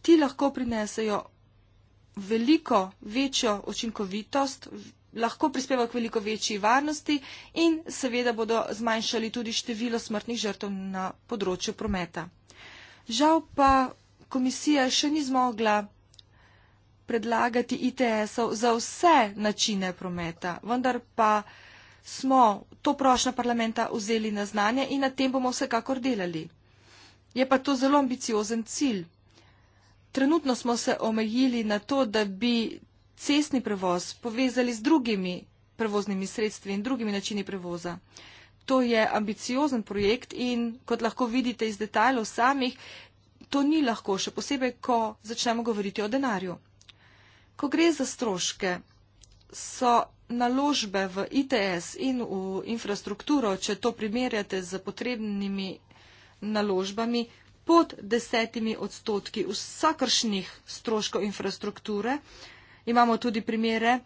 ti lahko prinesejo veliko večjo učinkovitost, lahko prispevajo k veliko večji varnosti in seveda bodo zmanjšali tudi število smrtnih žrtev na področju prometa. Žal pa komisija še ni zmogla predlagati ITS-ov za vse načine prometa, vendar pa smo to prošnjo parlamenta vzeli na znanje in na tem bomo vsekakor delali. Je pa to zelo ambiciozen cilj trenutno smo se omejili na to, da bi cestni prevoz povezali z drugimi prevoznimi sredstvi in drugimi načini prevoza. To je ambiciozen projekt in kot lahko vidite iz detajlov samih, to ni lahko, še posebej, ko začnemo govoriti o denarju. Ko gre za stroške, so naložbe v ITS in v infrastrukturo, če to primerjate z potrebnimi naložbami, pod desetimi odstotki vsakršnih stroškov infrastrukture. Imamo tudi primere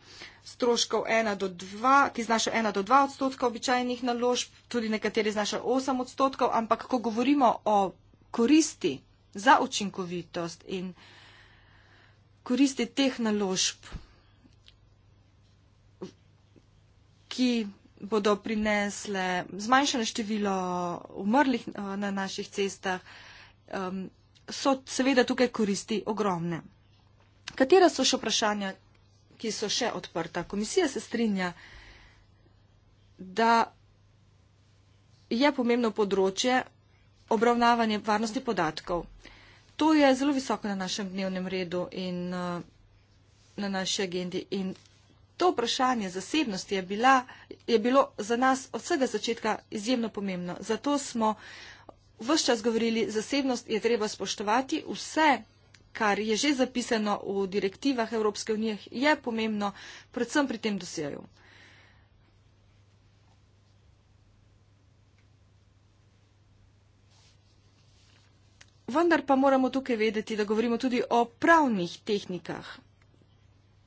stroškov 1 do 2, ki znašajo 1 do 2 odstotka običajnih naložb, tudi nekateri znašajo 8 odstotkov, ampak ko govorimo o koristi za učinkovitost in koristi teh naložb, ki bodo prinesle zmanjšano število umrlih eh, na naših cestah, um, so seveda tukaj koristi ogromne. Katera so še vprašanja, ki so še odprta? Komisija se strinja, da je pomembno področje obravnavanje varnosti podatkov. To je zelo visoko na našem dnevnem redu in uh, na naši agendi. In to vprašanje zasebnosti je, bila, je bilo za nas od vsega začetka izjemno pomembno. Zato smo uh, vse čas govorili, zasebnost je treba spoštovati, vse, kar je že zapisano v direktivah Evropske unije, je pomembno, predvsem pri tem dosjeju. Vendar pa moramo tukaj vedeti, da govorimo tudi o pravnih tehnikah.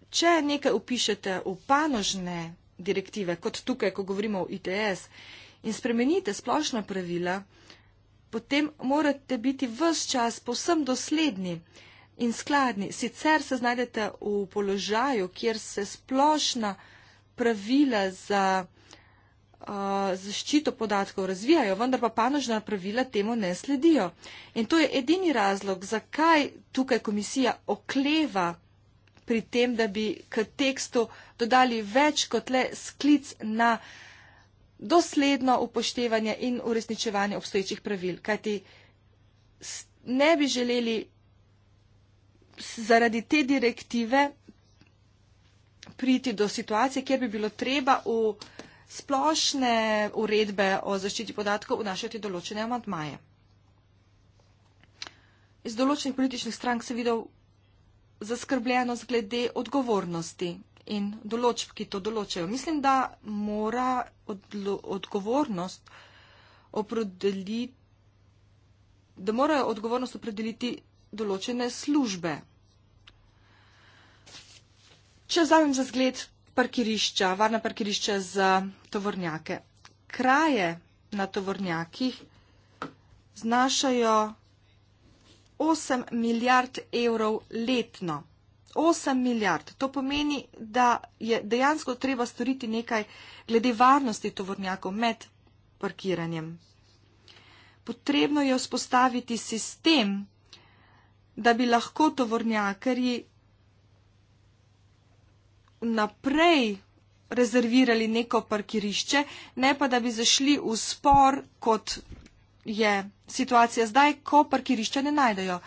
Če nekaj upišete v panožne direktive, kot tukaj, ko govorimo o ITS, in spremenite splošna pravila, potem morate biti vse čas povsem dosledni in skladni. Sicer se znajdete v položaju, kjer se splošna pravila za uh, zaščito podatkov razvijajo, vendar pa panožna pravila temu ne sledijo. In to je edini razlog, zakaj tukaj komisija okleva pri tem, da bi k tekstu dodali več kot le sklic na dosledno upoštevanje in uresničevanje obstoječih pravil, kajti ne bi želeli zaradi te direktive priti do situacije, kjer bi bilo treba v splošne uredbe o zaščiti podatkov vnašati določene amantmaje. Iz določenih političnih strank se videl zaskrbljeno zglede odgovornosti in določb, ki to določajo. Mislim, da mora odgovornost opredeliti, da morajo odgovornost opredeliti določene službe. Če vzamem za zgled parkirišča, varna parkirišča za tovornjake. Kraje na tovornjakih znašajo 8 milijard evrov letno. 8 milijard. To pomeni, da je dejansko treba storiti nekaj glede varnosti tovornjakov med parkiranjem. Potrebno je vzpostaviti sistem, da bi lahko tovornjakari naprej rezervirali neko parkirišče, ne pa da bi zašli v spor, kot je situacija zdaj, ko parkirišča ne najdejo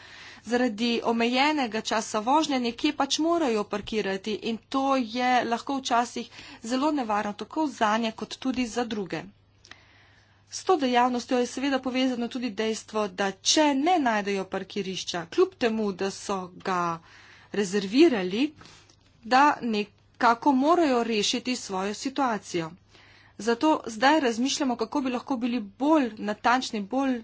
zaradi omejenega časa vožnje nekje pač morajo parkirati in to je lahko včasih zelo nevarno tako za nje kot tudi za druge. S to dejavnostjo je seveda povezano tudi dejstvo, da če ne najdejo parkirišča, kljub temu, da so ga rezervirali, da nekako morajo rešiti svojo situacijo. Zato zdaj razmišljamo, kako bi lahko bili bolj natančni, bolj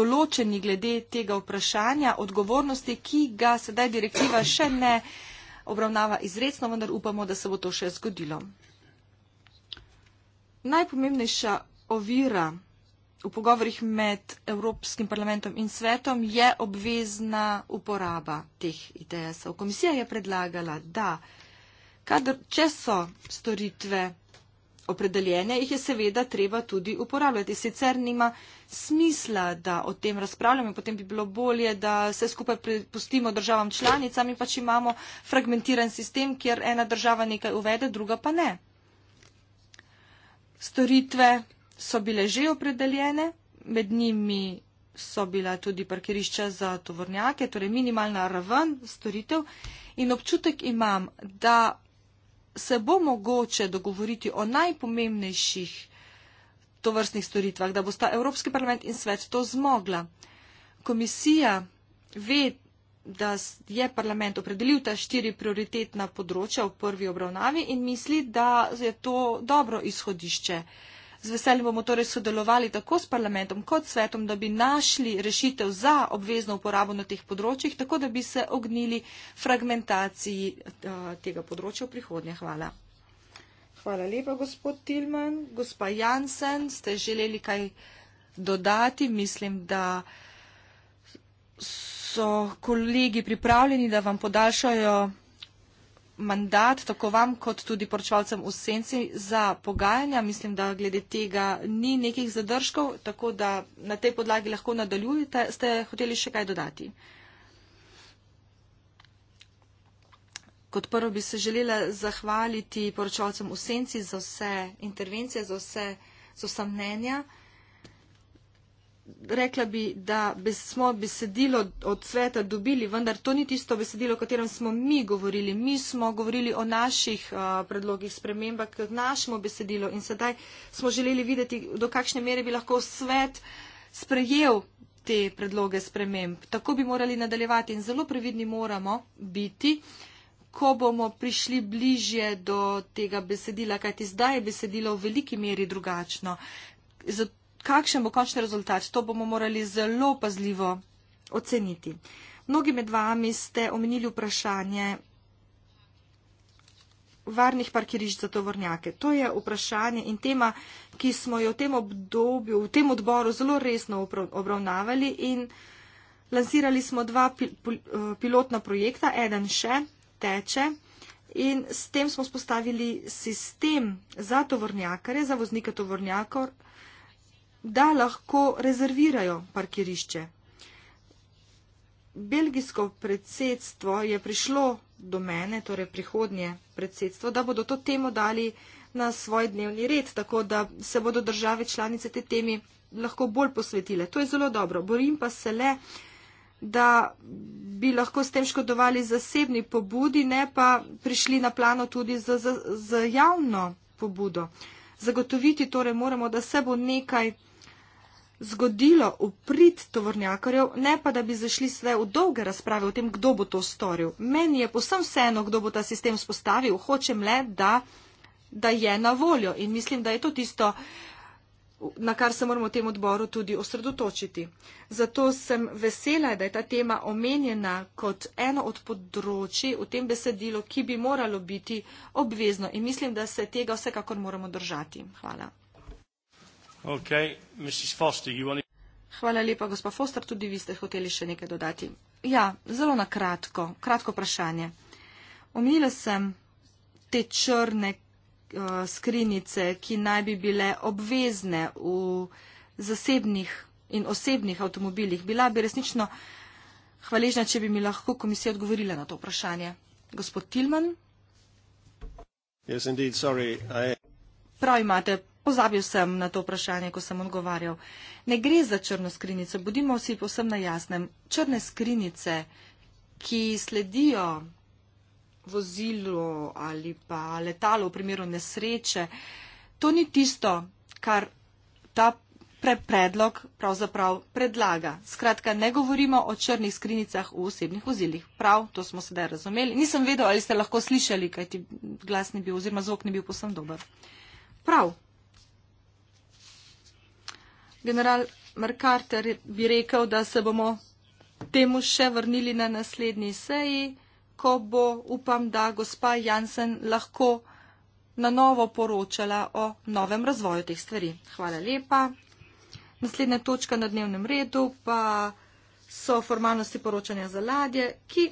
določeni glede tega vprašanja, odgovornosti, ki ga sedaj direktiva še ne obravnava izredno, vendar upamo, da se bo to še zgodilo. Najpomembnejša ovira v pogovorih med Evropskim parlamentom in svetom je obvezna uporaba teh ITS-ov. Komisija je predlagala, da kadr, če so storitve Opredeljene jih je seveda treba tudi uporabljati. Sicer nima smisla, da o tem razpravljamo, potem bi bilo bolje, da se skupaj pustimo državam članicam in pač imamo fragmentiran sistem, kjer ena država nekaj uvede, druga pa ne. Storitve so bile že opredeljene, med njimi so bila tudi parkirišča za tovornjake, torej minimalna raven storitev in občutek imam, da se bo mogoče dogovoriti o najpomembnejših tovrstnih storitvah, da bosta Evropski parlament in svet to zmogla. Komisija ve, da je parlament opredelil ta štiri prioritetna področja v prvi obravnavi in misli, da je to dobro izhodišče. Uh, Z veseljem bomo torej sodelovali tako s parlamentom kot svetom, da bi našli rešitev za obvezno uporabo na teh področjih, tako da bi se ognili fragmentaciji eh, tega področja v prihodnje. Hvala. Hvala lepa, gospod Tilman. Gospa Jansen, ste želeli kaj dodati? Mislim, da so kolegi pripravljeni, da vam podaljšajo mandat, tako vam kot tudi poročevalcem v senci za pogajanja. Mislim, da glede tega ni nekih zadržkov, tako da na tej podlagi lahko nadaljujete. Ste hoteli še kaj dodati? Kot prvo bi se želela zahvaliti poročevalcem v senci za vse intervencije, za, vse, za vsa mnenja rekla bi, da bez, smo besedilo od sveta dobili, vendar to ni tisto besedilo, o katerem smo mi govorili. Mi smo govorili o naših a, uh, predlogih spremembah k našemu besedilu in sedaj smo želeli videti, do kakšne mere bi lahko svet sprejel te predloge sprememb. Tako bi morali nadaljevati in zelo previdni moramo biti, ko bomo prišli bližje do tega besedila, kajti zdaj je besedilo v veliki meri drugačno. Zato kakšen bo končni rezultat, to bomo morali zelo pazljivo oceniti. Mnogi med vami ste omenili vprašanje varnih parkirišč za tovornjake. To je vprašanje in tema, ki smo jo v tem obdobju, v tem odboru zelo resno obravnavali in lansirali smo dva eh, pilotna projekta, eden še teče in s tem smo spostavili sistem za tovornjakare, za voznike tovornjakov da lahko rezervirajo parkirišče. Belgijsko predsedstvo je prišlo do mene, torej prihodnje predsedstvo, da bodo to temo dali na svoj dnevni red, tako da se bodo države članice te temi lahko bolj posvetile. To je zelo dobro. Borim pa se le, da bi lahko s tem škodovali zasebni pobudi, ne pa prišli na plano tudi z, z, z javno pobudo. Zagotoviti torej moramo, da se bo nekaj zgodilo v prid tovornjakarjev, ne pa da bi zašli sve v dolge razprave o tem, kdo bo to storil. Meni je posem vseeno, kdo bo ta sistem spostavil, hočem le, da, da je na voljo in mislim, da je to tisto, na kar se moramo v tem odboru tudi osredotočiti. Zato sem vesela, da je ta tema omenjena kot eno od področji v tem besedilu, ki bi moralo biti obvezno in mislim, da se tega vsekakor moramo držati. Hvala. Okay. Foster, wanted... Hvala lepa, gospa Foster, tudi vi ste hoteli še nekaj dodati. Ja, zelo na kratko, kratko vprašanje. Omenila sem te črne uh, eh, skrinice, ki naj bi bile obvezne v zasebnih in osebnih avtomobilih. Bila bi resnično hvaležna, če bi mi lahko komisija odgovorila na to vprašanje. Gospod Tilman. Yes, indeed, sorry, I... Prav imate, Pozabil sem na to vprašanje, ko sem odgovarjal. Ne gre za črno skrinjico, bodimo vsi posebno na jasnem. Črne skrinjice, ki sledijo vozilo ali pa letalo v primeru nesreče, to ni tisto, kar ta predlog pravzaprav predlaga. Skratka, ne govorimo o črnih skrinjicah v osebnih vozilih. Prav, to smo sedaj razumeli. Nisem vedel, ali ste lahko slišali, kaj ti glas ni bil oziroma zvok ni bil posebno dober. Prav. General Mercarter bi rekel, da se bomo temu še vrnili na naslednji seji, ko bo, upam, da gospa Jansen lahko na novo poročala o novem razvoju teh stvari. Hvala lepa. Naslednja točka na dnevnem redu pa so formalnosti poročanja za ladje, ki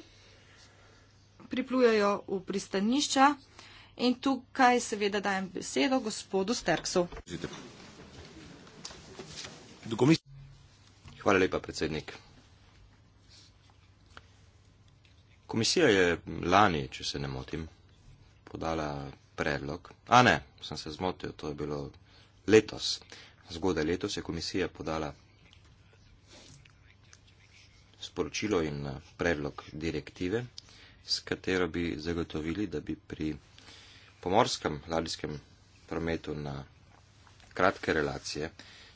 priplujajo v pristanišča. In tukaj seveda dajem besedo gospodu Sterksu. Hvala lepa, predsednik. Komisija je lani, če se ne motim, podala predlog. A ne, sem se zmotil, to je bilo letos. Zgodaj letos je komisija podala sporočilo in eh, predlog direktive, s katero bi zagotovili, da bi pri pomorskem ladijskem prometu na kratke relacije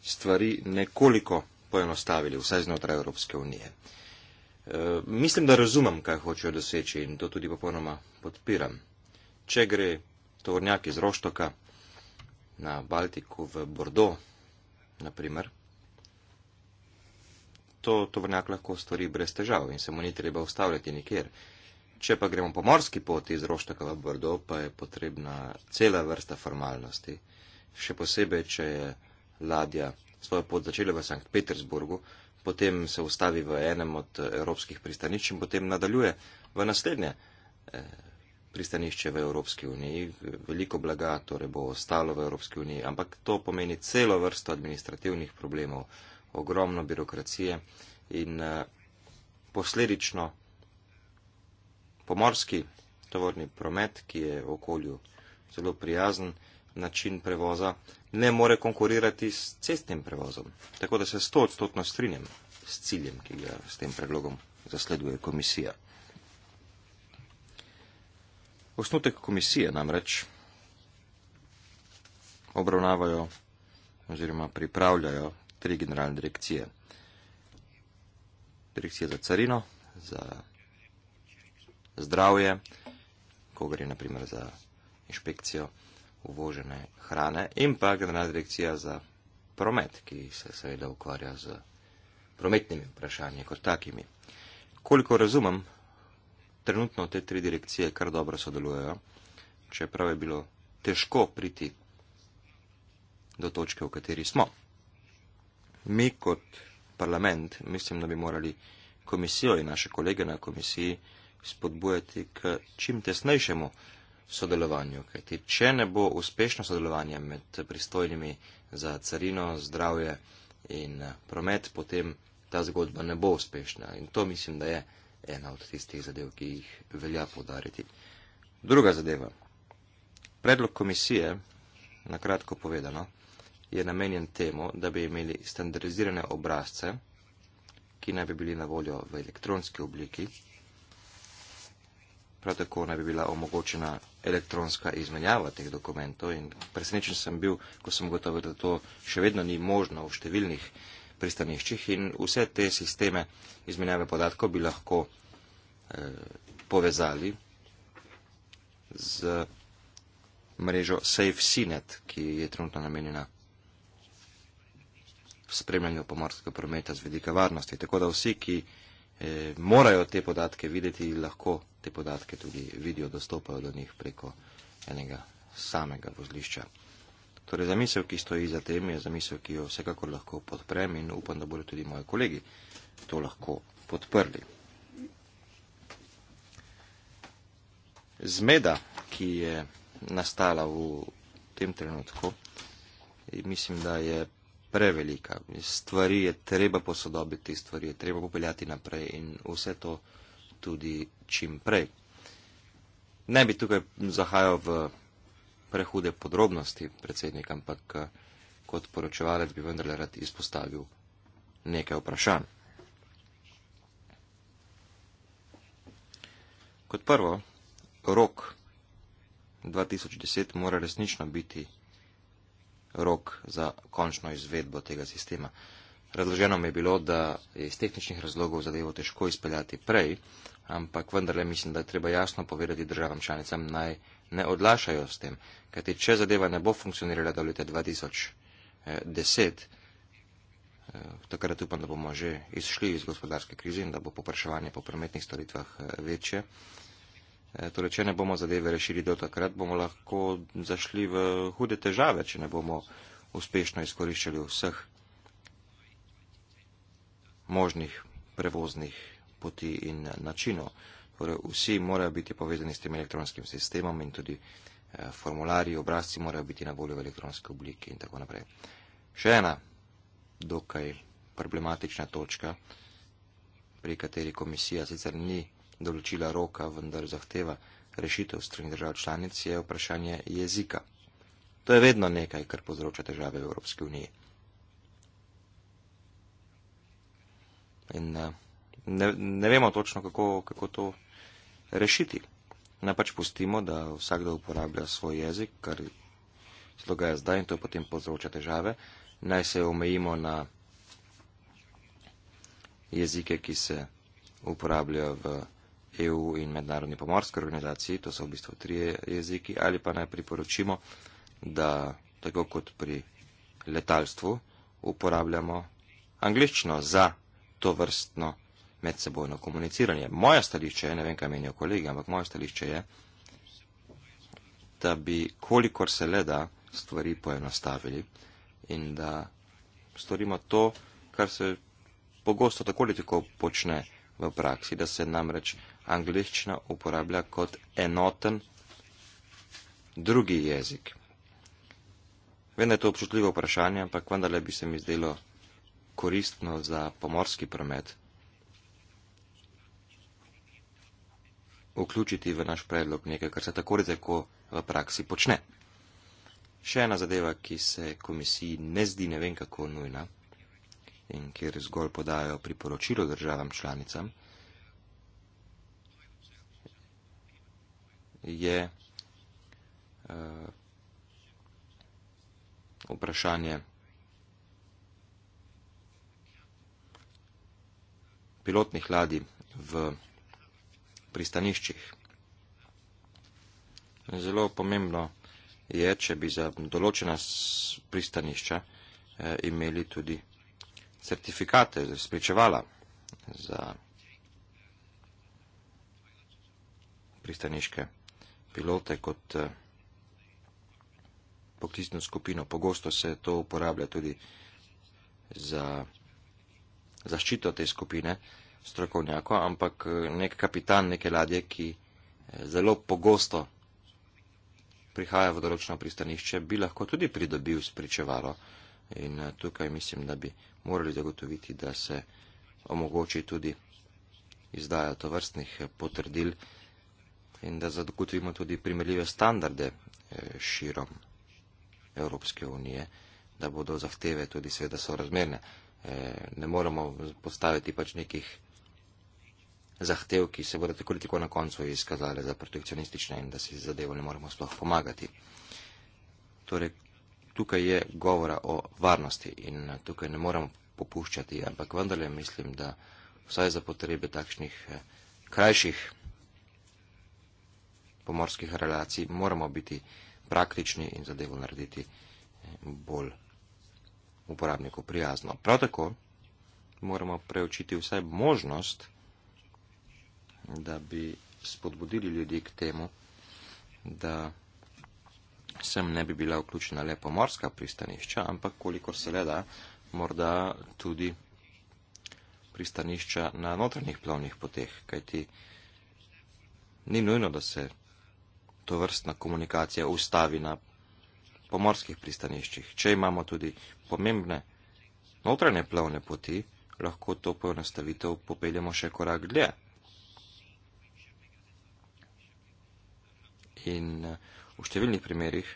stvari nekoliko poenostavili, vsaj znotraj Evropske unije. E, mislim, da razumem, kaj hočejo doseči in to tudi popolnoma podpiram. Če gre tovornjak iz Roštoka na Baltiku v Bordeaux, naprimer, to tovornjak lahko stvari brez težav in se mu ni treba ustavljati nikjer. Če pa gremo po morski poti iz Roštoka v Bordeaux, pa je potrebna cela vrsta formalnosti. Še posebej, če je ladja svojo pot začela v Sankt Petersburgu, potem se ustavi v enem od eh, evropskih pristanišč in potem nadaljuje v naslednje eh, pristanišče v Evropski uniji. Veliko blaga torej bo ostalo v Evropski uniji, ampak to pomeni celo vrsto administrativnih problemov, ogromno birokracije in eh, posledično pomorski tovorni promet, ki je v okolju zelo prijazen način prevoza ne more konkurirati s cestnim prevozom. Tako da se sto odstotno strinjam s ciljem, ki ga s tem predlogom zasleduje komisija. Osnutek komisije namreč obravnavajo oziroma pripravljajo tri generalne direkcije. Direkcija za carino, za zdravje, ko gre naprimer za inšpekcijo uvožene hrane in pa generalna direkcija za promet, ki se seveda ukvarja z prometnimi vprašanji kot takimi. Koliko razumem, trenutno te tri direkcije kar dobro sodelujejo, čeprav je bilo težko priti do točke, v kateri smo. Mi kot parlament mislim, da bi morali komisijo in naše kolege na komisiji spodbujati k čim tesnejšemu sodelovanju. Kajti, če ne bo uspešno sodelovanje med pristojnimi za carino, zdravje in eh, promet, potem ta zgodba ne bo uspešna. In to mislim, da je ena od tistih zadev, ki jih velja podariti. Druga zadeva. Predlog komisije, na kratko povedano, je namenjen temu, da bi imeli standardizirane obrazce, ki naj bi bili na voljo v elektronski obliki. Prav tako naj bi bila omogočena elektronska izmenjava teh dokumentov in presenečen sem bil, ko sem gotovil, da to še vedno ni možno v številnih pristaniščih in vse te sisteme izmenjave podatkov bi lahko eh, povezali z mrežo SafeSeaNet, ki je trenutno namenjena spremljanju pomorskega prometa z vedika varnosti. Tako da vsi, ki eh, morajo te podatke videti in lahko te podatke tudi vidijo, dostopajo do njih preko enega samega vozlišča. Torej, zamisel, ki stoji za tem, je zamisel, ki jo vsekakor lahko podprem in upam, da bodo tudi moji kolegi to lahko podprli. Zmeda, ki je nastala v tem trenutku, eh, mislim, da je prevelika. Stvari je treba posodobiti, stvari je treba popeljati naprej in vse to tudi čim prej. Ne bi tukaj zahajal v prehude podrobnosti predsednik, ampak eh, kot poročevalec bi vendarle rad izpostavil nekaj vprašanj. Kot prvo, rok 2010 mora resnično biti rok za končno izvedbo tega sistema. Razloženo mi je bilo, da je iz tehničnih razlogov zadevo težko izpeljati prej, ampak vendarle mislim, da je treba jasno povedati državam članicam naj ne odlašajo s tem, kajti če zadeva ne bo funkcionirala do leta 2010, eh, eh, takrat upam, da bomo že izšli iz gospodarske krize in da bo popraševanje po prometnih storitvah eh, večje, Eh, torej, če ne bomo zadeve rešili do takrat, bomo lahko zašli v hude težave, če ne bomo uspešno izkoriščali vseh možnih prevoznih poti in načinov. Torej, vsi morajo biti povezani s tem elektronskim sistemom in tudi eh, formulari, obrazci morajo biti na voljo v elektronski obliki in tako naprej. Še ena dokaj problematična točka, pri kateri komisija sicer ni določila roka, vendar zahteva rešitev strani držav članic, je vprašanje jezika. To je vedno nekaj, kar povzroča težave v Evropski uniji. In eh, ne, ne vemo točno, kako, kako to rešiti. Ne pač pustimo, da vsakdo uporablja svoj jezik, kar se dogaja zdaj in to potem povzroča težave. Naj se omejimo na jezike, ki se uporabljajo v EU in mednarodni pomorski organizaciji, to so v bistvu tri jeziki, ali pa naj priporočimo, da tako kot pri letalstvu uporabljamo angliščino za to vrstno medsebojno komuniciranje. Moja stališče je, ne vem, kaj menijo kolegi, ampak moja stališče je, da bi kolikor se le da stvari poenostavili in da storimo to, kar se pogosto tako ali tako počne v praksi, da se namreč angliščina uporablja kot enoten drugi jezik. Vem, da je to občutljivo vprašanje, ampak vendarle bi se mi zdelo koristno za pomorski promet vključiti v naš predlog nekaj, kar se tako rečeno v praksi počne. Še ena zadeva, ki se komisiji ne zdi ne vem kako nujna in kjer zgolj podajo priporočilo državam članicam. je uh, vprašanje pilotnih ladij v pristaniščih. Zelo pomembno je, če bi za določena pristanišča eh, imeli tudi certifikate, spričevala za pristaniške pilote kot eh, poklicno skupino. Pogosto se to uporablja tudi za zaščito te skupine strokovnjako, ampak eh, nek kapitan neke ladje, ki eh, zelo pogosto prihaja v določeno pristanišče, bi lahko tudi pridobil spričevalo. In tukaj mislim, da bi morali zagotoviti, da se omogoči tudi izdaja tovrstnih potrdil in da zagotovimo tudi primerljive standarde eh, širom Evropske unije, da bodo zahteve tudi seveda sorazmerne. Eh, ne moramo postaviti pač nekih zahtev, ki se bodo tako ali tako na koncu izkazali za protekcionistične in da si zadevo ne moramo sploh pomagati. Torej, tukaj je govora o varnosti in eh, tukaj ne moramo popuščati, ampak vendarle mislim, da vsaj za potrebe takšnih krajših pomorskih relacij, moramo biti praktični in zadevo narediti eh, bolj uporabniku prijazno. Prav tako moramo preučiti vsaj možnost, da bi spodbudili ljudi k temu, da sem ne bi bila vključena le pomorska pristanišča, ampak kolikor se le da, morda tudi pristanišča na notranjih plovnih poteh, kajti ni nujno, da se to vrstna komunikacija ustavi na pomorskih pristaniščih. Če imamo tudi pomembne notranje plovne poti, lahko to poenostavitev popeljemo še korak dlje. In eh, v številnih primerjih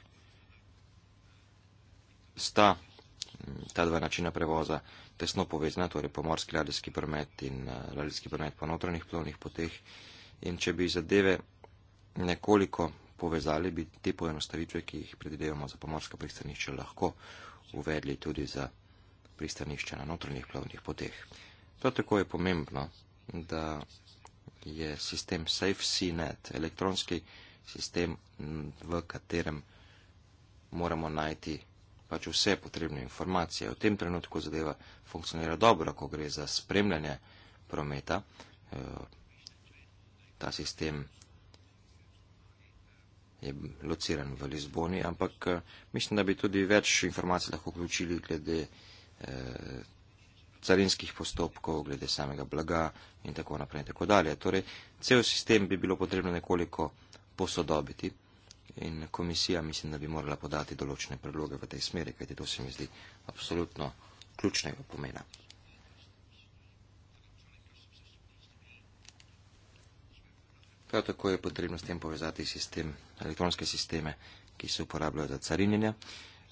sta mm, ta dva načina prevoza tesno povezana, torej pomorski ladijski promet in eh, ladijski promet po notranjih plovnih poteh. In če bi zadeve nekoliko povezali, bi te poenostavitve, ki jih predvidevamo za pomorska pristanišča, lahko uvedli tudi za pristanišča na notranjih plovnih poteh. Prav tako je pomembno, da je sistem SafeSeaNet, elektronski sistem, v katerem moramo najti pač vse potrebne informacije. V tem trenutku zadeva funkcionira dobro, ko gre za spremljanje prometa. Eh, ta sistem je lociran v Lizboni, ampak eh, mislim, da bi tudi več informacij lahko vključili glede eh, carinskih postopkov, glede samega blaga in tako naprej in tako dalje. Torej, cel sistem bi bilo potrebno nekoliko posodobiti in komisija mislim, da bi morala podati določene predloge v tej smeri, kajti to se mi zdi absolutno ključnega pomena. Prav tako je potrebno s tem povezati sistem, elektronske sisteme, ki se uporabljajo za carinjenje.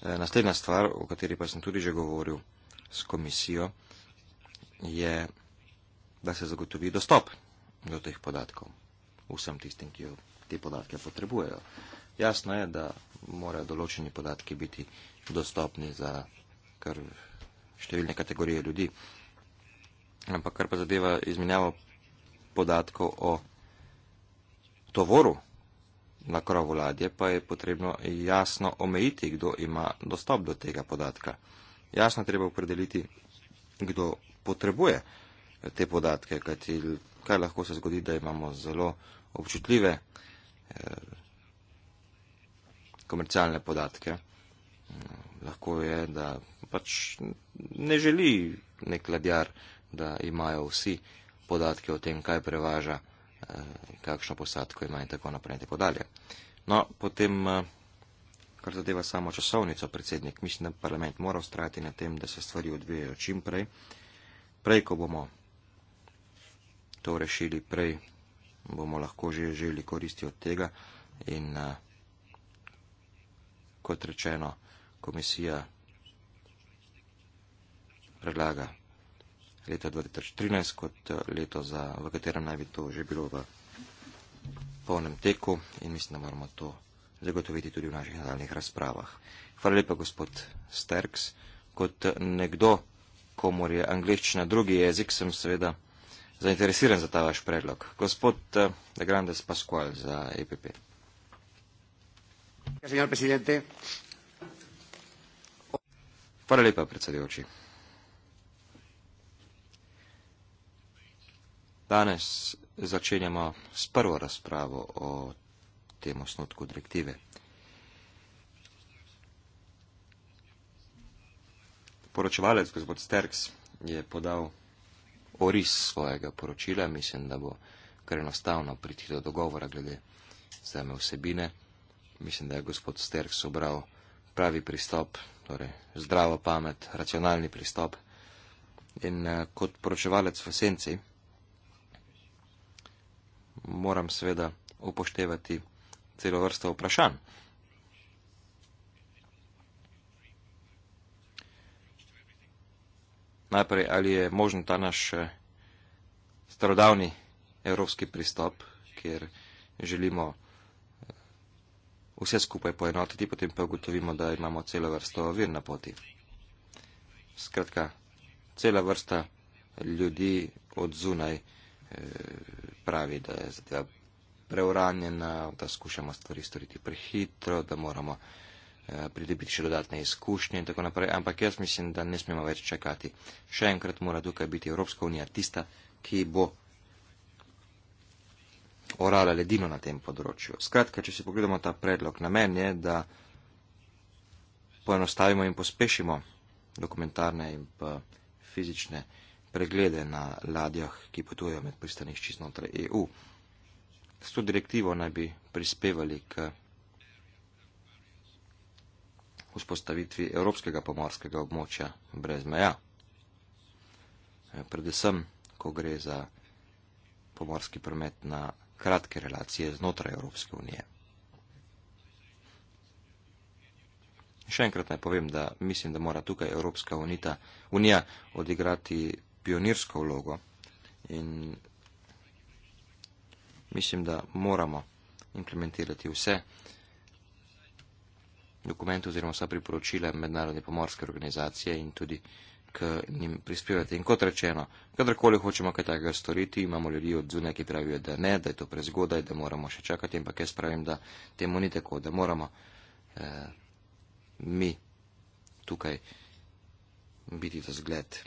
Eh, naslednja stvar, o kateri pa sem tudi že govoril s komisijo, je, da se zagotovi dostop do teh podatkov vsem tistim, ki jo te podatke potrebujejo. Jasno je, da morajo določeni podatki biti dostopni za kar številne kategorije ljudi. Ampak kar pa zadeva izmenjavo podatkov o tovoru na krovu ladje pa je potrebno jasno omejiti, kdo ima dostop do tega podatka. Jasno treba opredeliti, kdo potrebuje te podatke, kajti kaj lahko se zgodi, da imamo zelo občutljive eh, komercialne podatke. Mm, lahko je, da pač ne želi nek ladjar, da imajo vsi podatke o tem, kaj prevaža. Eh, kakšno posadko ima in tako naprej in tako dalje. No, potem, eh, kar zadeva samo časovnico, predsednik, mislim, da parlament mora ustrajati na tem, da se stvari odvijajo čim prej. Prej, ko bomo to rešili, prej bomo lahko že želi koristi od tega in eh, kot rečeno, komisija predlaga leta 2013 kot eh, leto, za, v katerem naj bi to že bilo v polnem teku in mislim, da moramo to zagotoviti tudi v naših nadaljnih razpravah. Hvala lepa, gospod Sterks. Kot eh, nekdo, komor je angliščina drugi jezik, sem seveda zainteresiran za ta vaš predlog. Gospod eh, De Grandes Pascual za EPP. Hvala lepa, predsedujoči. Danes začenjamo s prvo razpravo o tem osnutku direktive. Poročevalec gospod Sterks je podal oris svojega poročila. Mislim, da bo kar enostavno priti do dogovora glede same vsebine. Mislim, da je gospod Sterks obral pravi pristop, torej zdravo pamet, racionalni pristop. In eh, kot poročevalec v senci, moram seveda upoštevati celo vrsto vprašanj. Najprej, ali je možen ta naš eh, starodavni evropski pristop, kjer želimo eh, vse skupaj poenotiti, potem pa ugotovimo, da imamo celo vrsto vir na poti. Skratka, cela vrsta ljudi od zunaj eh, pravi, da je zadeva preuranjena, da skušamo stvari storiti prehitro, da moramo eh, pridobiti še dodatne izkušnje in tako naprej. Ampak jaz mislim, da ne smemo več čakati. Še enkrat mora tukaj biti Evropska unija tista, ki bo orala ledino na tem področju. Skratka, če si pogledamo ta predlog, namen je, da poenostavimo in pospešimo dokumentarne in pa fizične preglede na ladjah, ki potujejo med pristanišči znotraj EU. S to direktivo naj bi prispevali k vzpostavitvi Evropskega pomorskega območja brez meja. Eh, predvsem, ko gre za pomorski promet na kratke relacije znotraj Evropske unije. Še enkrat naj povem, da mislim, da mora tukaj Evropska unita, unija odigrati pionirsko vlogo in mislim, da moramo implementirati vse dokumente oziroma vsa priporočila Mednarodne pomorske organizacije in tudi k njim prispevati. In kot rečeno, kadarkoli hočemo kaj takega storiti, imamo ljudi od zunaj, ki pravijo, da ne, da je to prezgodaj, da moramo še čakati, ampak jaz pravim, da temu ni tako, da moramo eh, mi tukaj biti za zgled.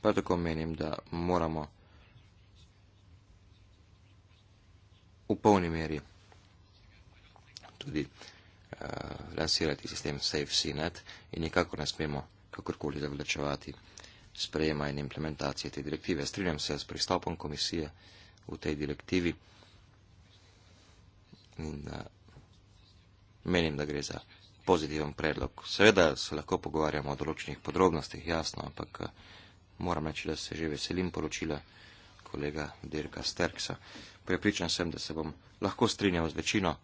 Prav tako menim, da moramo v polni meri tudi uh, lansirati sistem SafeCNet in nikako ne smemo kakorkoli zavlačevati sprejema in implementacije te direktive. Strinjam se s pristopom komisije v tej direktivi in uh, menim, da gre za pozitiven predlog. Seveda se lahko pogovarjamo o določenih podrobnostih, jasno, ampak uh, moram reči, da se že veselim poročila kolega Dirka Sterksa. Prepričan sem, da se bom lahko strinjal z večino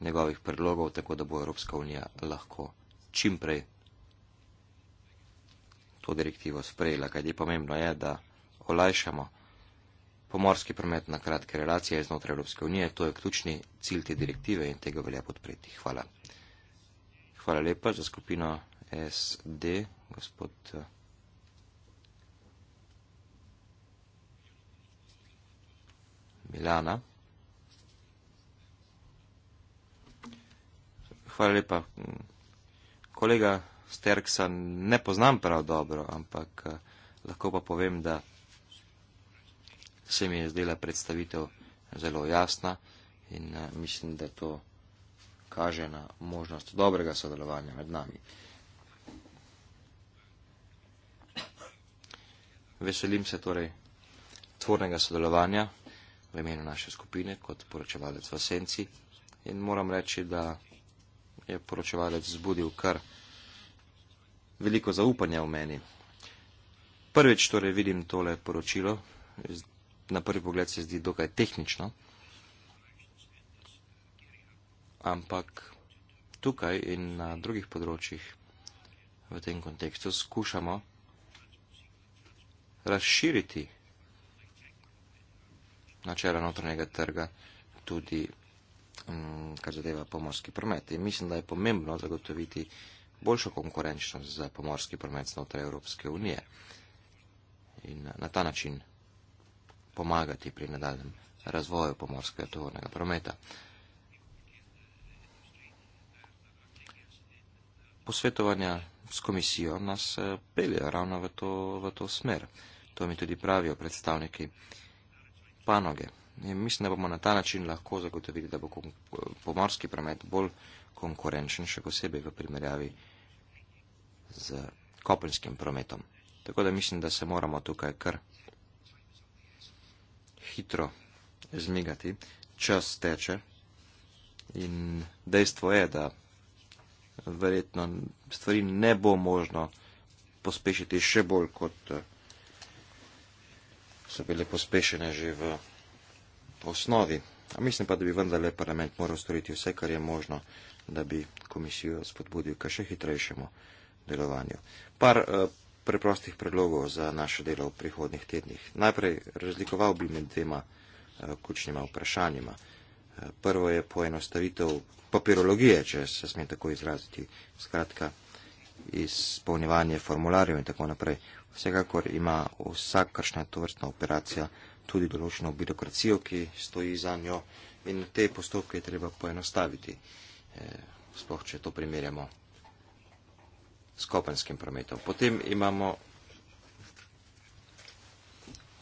njegovih predlogov, tako da bo Evropska unija lahko čim prej to direktivo sprejela. Kaj je pomembno je, da olajšamo pomorski promet na kratke relacije znotraj Evropske unije. To je ključni cilj te direktive in tega velja podpreti. Hvala. Hvala lepa za skupino SD, gospod. Milana. Hvala lepa. Kolega Sterksa ne poznam prav dobro, ampak eh, lahko pa povem, da se mi je zdela predstavitev zelo jasna in eh, mislim, da to kaže na možnost dobrega sodelovanja med nami. Veselim se torej tvornega sodelovanja v imenu naše skupine kot poročevalec v senci in moram reči, da je poročevalec zbudil kar veliko zaupanja v meni. Prvič torej vidim tole poročilo, na prvi pogled se zdi dokaj tehnično, ampak tukaj in na drugih področjih v tem kontekstu skušamo razširiti načela notranjega trga tudi, um, kar zadeva pomorski promet. In mislim, da je pomembno zagotoviti boljšo konkurenčnost za pomorski promet znotraj Evropske unije in na ta način pomagati pri nadaljem razvoju pomorskega tovornega prometa. Posvetovanja s komisijo nas eh, peljejo ravno v to, v to smer. To mi tudi pravijo predstavniki uh, panoge. In mislim, da bomo na ta način lahko zagotovili, da bo pomorski promet bolj konkurenčen, še posebej v primerjavi z kopenskim prometom. Tako da mislim, da se moramo tukaj kar hitro zmigati. Čas teče in dejstvo je, da verjetno stvari ne bo možno pospešiti še bolj kot. Uh, so bile pospešene že v osnovi. A mislim pa, da bi vendarle parlament moral storiti vse, kar je možno, da bi komisijo spodbudil k še hitrejšemu delovanju. Par uh, preprostih predlogov za naše delo v prihodnih tednih. Najprej razlikoval bi med dvema uh, ključnima vprašanjima. Eh, prvo je poenostavitev papirologije, če se smem tako izraziti, skratka, izpolnjevanje formularjev in tako naprej. Vsekakor ima vsakršna tovrstna operacija tudi določeno birokracijo, ki stoji za njo in te postopke je treba poenostaviti, eh, sploh če to primerjamo s kopenskim prometom. Potem imamo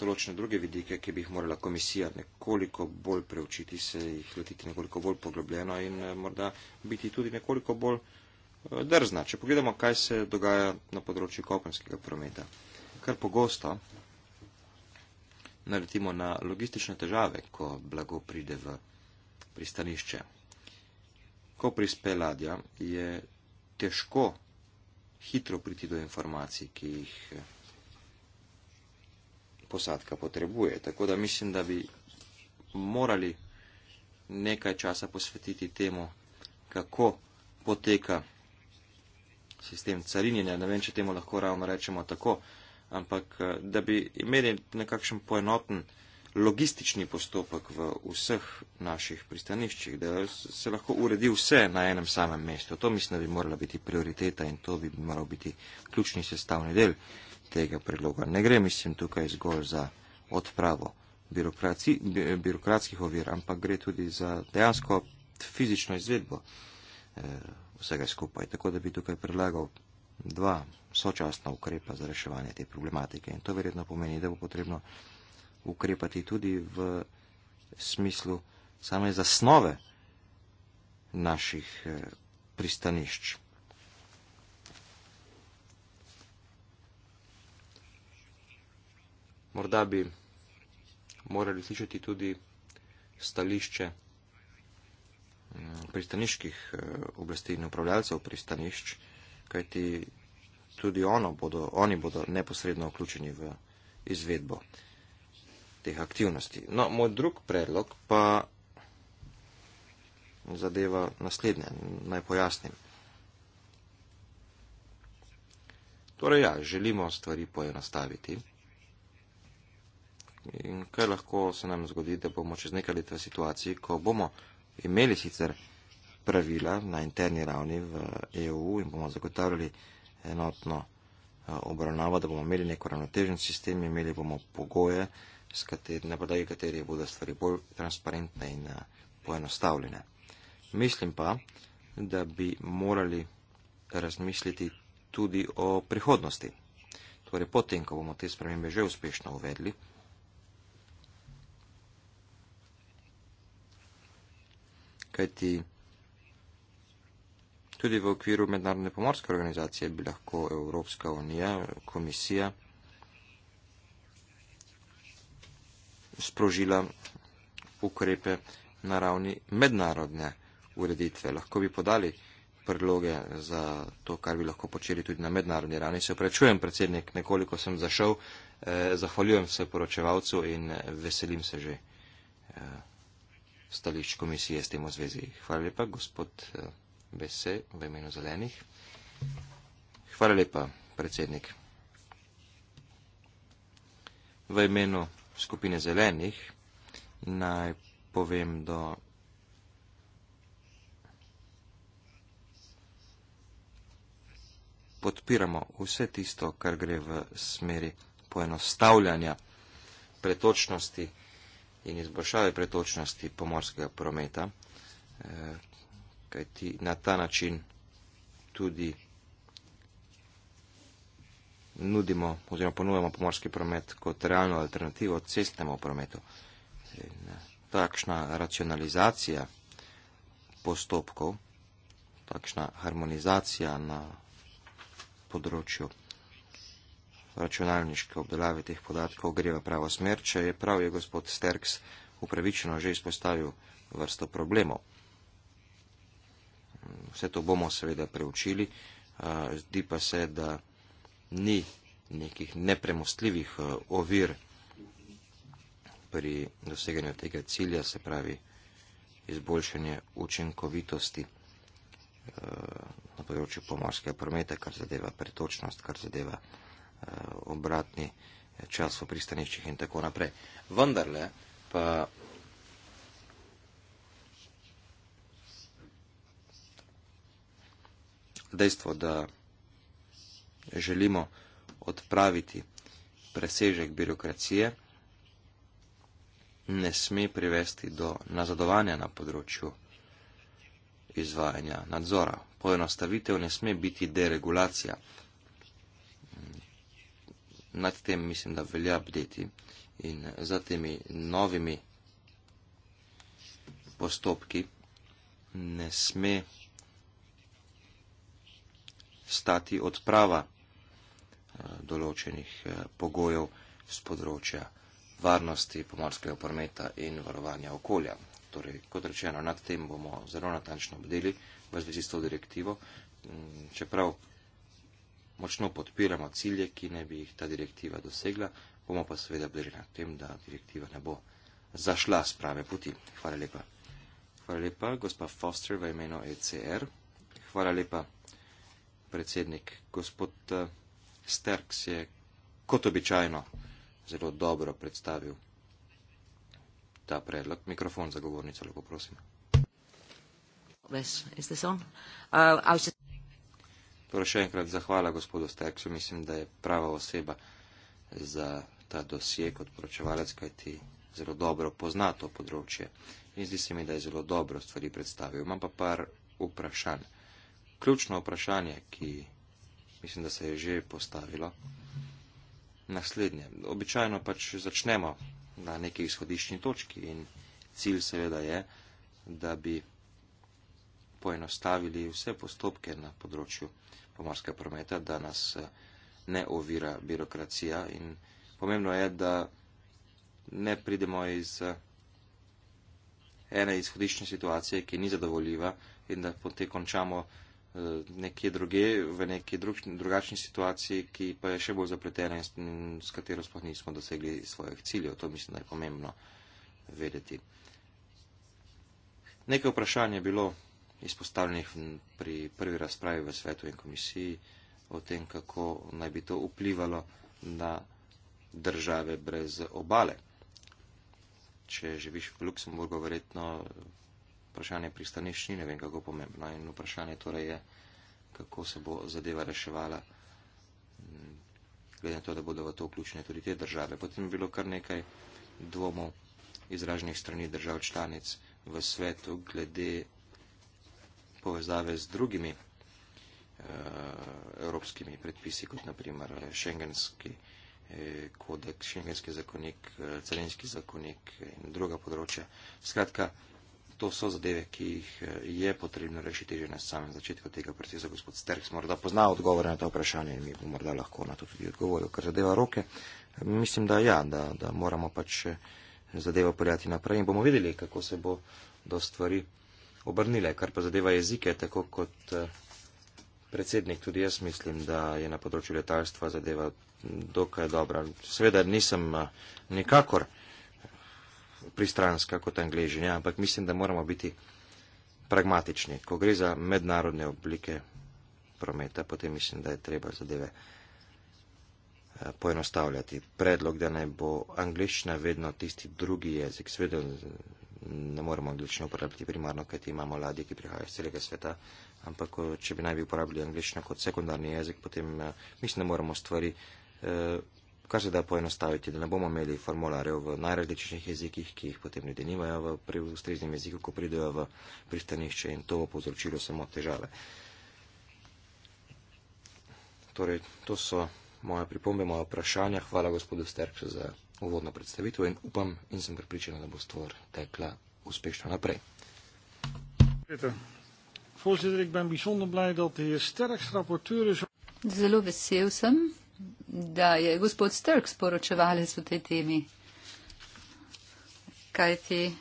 določene druge vidike, ki bi jih morala komisija nekoliko bolj preučiti, se jih lotiti nekoliko bolj poglobljeno in eh, morda biti tudi nekoliko bolj. Eh, drzna. Če pogledamo, kaj se dogaja na področju kopenskega prometa. Kar pogosto naletimo na logistične težave, ko blago pride v pristanišče. Ko prispe ladja, je težko hitro priti do informacij, ki jih eh, posadka potrebuje. Tako da mislim, da bi morali nekaj časa posvetiti temu, kako poteka sistem carinjenja, ne vem, če temu lahko ravno rečemo tako, ampak eh, da bi imeli nekakšen poenoten logistični postopek v vseh naših pristaniščih, da se lahko uredi vse na enem samem mestu. To mislim, da bi morala biti prioriteta in to bi moral biti ključni sestavni del tega predloga. Ne gre, mislim, tukaj zgolj za odpravo birokratskih ovir, ampak gre tudi za dejansko fizično izvedbo. Eh, vsega skupaj. Tako da bi tukaj predlagal dva sočasna ukrepa za reševanje te problematike. In to verjetno pomeni, da bo potrebno ukrepati tudi v smislu same zasnove naših eh, pristanišč. Morda bi morali slišati tudi stališče Eh, pristaniških eh, oblasti in upravljalcev pristanišč, kajti tudi bodo, oni bodo neposredno vključeni v izvedbo teh aktivnosti. No, moj drug predlog pa zadeva naslednje, naj pojasnim. Torej, ja, želimo stvari poenostaviti. In kaj lahko se nam zgodi, da bomo čez nekaj let v situaciji, ko bomo imeli sicer pravila na interni ravni v EU in bomo zagotavljali enotno eh, obravnavo, da bomo imeli nek ravnotežen sistem, imeli bomo pogoje, na podlagi katerih bodo stvari bolj transparentne in eh, poenostavljene. Mislim pa, da bi morali razmisliti tudi o prihodnosti. Torej, potem, ko bomo te spremembe že uspešno uvedli, kajti tudi v okviru mednarodne pomorske organizacije bi lahko Evropska unija, komisija sprožila ukrepe na ravni mednarodne ureditve. Lahko bi podali predloge za to, kar bi lahko počeli tudi na mednarodni ravni. Se oprečujem, predsednik, nekoliko sem zašel, eh, zahvaljujem se poročevalcu in eh, veselim se že. Eh, stališč komisije s tem v zvezi. Hvala lepa, gospod eh, Bese, v imenu zelenih. Hvala lepa, predsednik. V imenu skupine zelenih naj povem, da podpiramo vse tisto, kar gre v smeri poenostavljanja pretočnosti in izboljšave pretočnosti pomorskega prometa, eh, kajti na ta način tudi nudimo oziroma ponujemo pomorski promet kot realno alternativo cestnemu prometu. In eh, takšna racionalizacija postopkov, takšna harmonizacija na področju računalniške obdelave teh podatkov gre v pravo smer, če je prav je gospod Sterks upravičeno že izpostavil vrsto problemov. Vse to bomo seveda preučili, zdi pa se, da ni nekih nepremostljivih ovir pri doseganju tega cilja, se pravi izboljšanje učinkovitosti na področju pomorskega prometa, kar zadeva pretočnost, kar zadeva Eh, obratni čas v pristaniščih in tako naprej. Vendarle pa dejstvo, da želimo odpraviti presežek birokracije, ne sme privesti do nazadovanja na področju izvajanja nadzora. Poenostavitev ne sme biti deregulacija nad tem mislim, da velja bdeti in za temi novimi postopki ne sme stati odprava eh, določenih eh, pogojev z področja varnosti pomorskega prometa in varovanja okolja. Torej, kot rečeno, nad tem bomo zelo natančno obdeli v zvezi s to direktivo, čeprav močno podpiramo cilje, ki ne bi jih ta direktiva dosegla, bomo pa seveda bili na tem, da direktiva ne bo zašla s prave poti. Hvala lepa. Hvala lepa, gospa Foster, v imenu ECR. Hvala lepa, predsednik. Gospod eh, Sterk se je kot običajno zelo dobro predstavil ta predlog. Mikrofon za govornico, lepo prosim. Uh, Torej še enkrat zahvala gospodu Steksu, mislim, da je prava oseba za ta dosje kot poročevalec, kaj ti zelo dobro pozna to področje. In zdi se mi, da je zelo dobro stvari predstavil. Imam pa par vprašanj. Ključno vprašanje, ki mislim, da se je že postavilo, naslednje. Običajno pač začnemo na neki izhodiščni točki in cilj seveda je, da bi poenostavili vse postopke na področju pomorskega prometa, da nas eh, ne ovira birokracija in pomembno je, da ne pridemo iz eh, ene izhodišnje situacije, ki ni zadovoljiva in da potem končamo eh, nekje druge, v neki drug, drugačni situaciji, ki pa je še bolj zapletena in s katero sploh nismo dosegli svojih ciljev. To mislim, da je pomembno vedeti. Nekaj vprašanj je bilo izpostavljenih pri prvi razpravi v svetu in komisiji o tem, kako naj bi to vplivalo na države brez obale. Če živiš v Luksemburgu, verjetno vprašanje pristaniš ni ne vem kako pomembno in vprašanje torej je, kako se bo zadeva reševala, glede na to, da bodo v to vključene tudi te države. Potem je bilo kar nekaj dvomov izraženih strani držav članic v svetu glede povezave z drugimi eh, evropskimi predpisi, kot naprimer šengenski eh, kodek, šengenski zakonik, eh, carinski zakonik in druga področja. Skratka, to so zadeve, ki jih je potrebno rešiti že na samem začetku tega procesa. Gospod Sterks morda pozna odgovore na ta vprašanje in mi bo morda lahko na to tudi odgovoril, kar zadeva roke. Mislim, da ja, da, da moramo pač zadevo peljati naprej in bomo videli, kako se bo do stvari obrnile, kar pa zadeva jezike, tako kot eh, predsednik, tudi jaz mislim, da je na področju letalstva zadeva dokaj dobra. Sveda nisem eh, nikakor pristranska kot angližanja, ampak mislim, da moramo biti pragmatični. Ko gre za mednarodne oblike prometa, potem mislim, da je treba zadeve eh, poenostavljati. Predlog, da naj bo angliščina vedno tisti drugi jezik, sveda ne moremo angliščine uporabljati primarno, kajti imamo ladje, ki prihajajo iz celega sveta, ampak eh, če bi naj bi uporabljali angliščino kot sekundarni jezik, potem eh, mislim, da moramo stvari eh, kar se da poenostaviti, da ne bomo imeli formularjev v najrazličnejših jezikih, ki jih potem ljudje nimajo v ustreznem jeziku, ko pridejo v pristanišče in to bo povzročilo samo težave. Torej, to so moje pripombe, moje vprašanja. Hvala gospodu Sterksu za uvodno predstavitev in upam in sem pripričana, da bo stvar tekla uspešno naprej. Zelo vesel sem, da je gospod Sterk sporočevalec v tej temi, kajti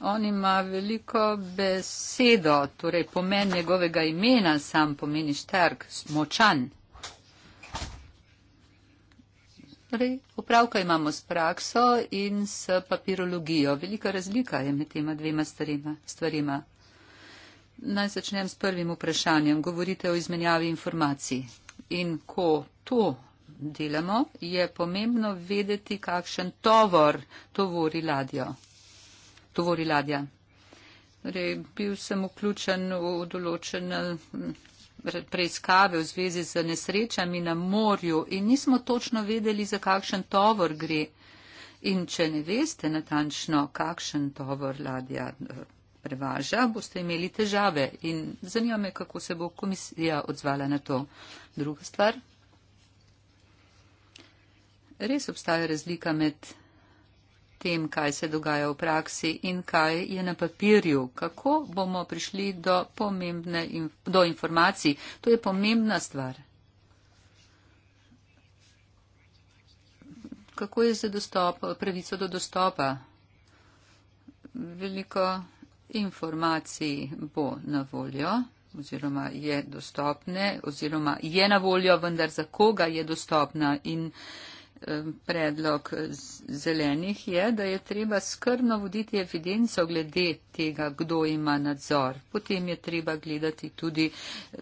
on ima veliko besedo, torej pomen njegovega imena sam pomeni Sterk, močan. Torej, upravka imamo s prakso in s papirologijo. Velika razlika je med tema dvema stvarima. Naj začnem s prvim vprašanjem. Govorite o izmenjavi informacij. In ko to delamo, je pomembno vedeti, kakšen tovor tovori ladjo. Tovori ladja. Torej, bil sem vključen v določen. Hm, preiskave v zvezi z nesrečami na morju in nismo točno vedeli, za kakšen tovor gre. In če ne veste natančno, kakšen tovor ladja eh, prevaža, boste imeli težave. In zanima me, kako se bo komisija odzvala na to. Druga stvar. Res obstaja razlika med tem, kaj se dogaja v praksi in kaj je na papirju, kako bomo prišli do, pomembne, do informacij. To je pomembna stvar. Kako je za dostop, pravico do dostopa? Veliko informacij bo na voljo oziroma je dostopne oziroma je na voljo, vendar za koga je dostopna in uh, Eh, predlog zelenih je, da je treba skrbno voditi evidenco glede tega, kdo ima nadzor. Potem je treba gledati tudi,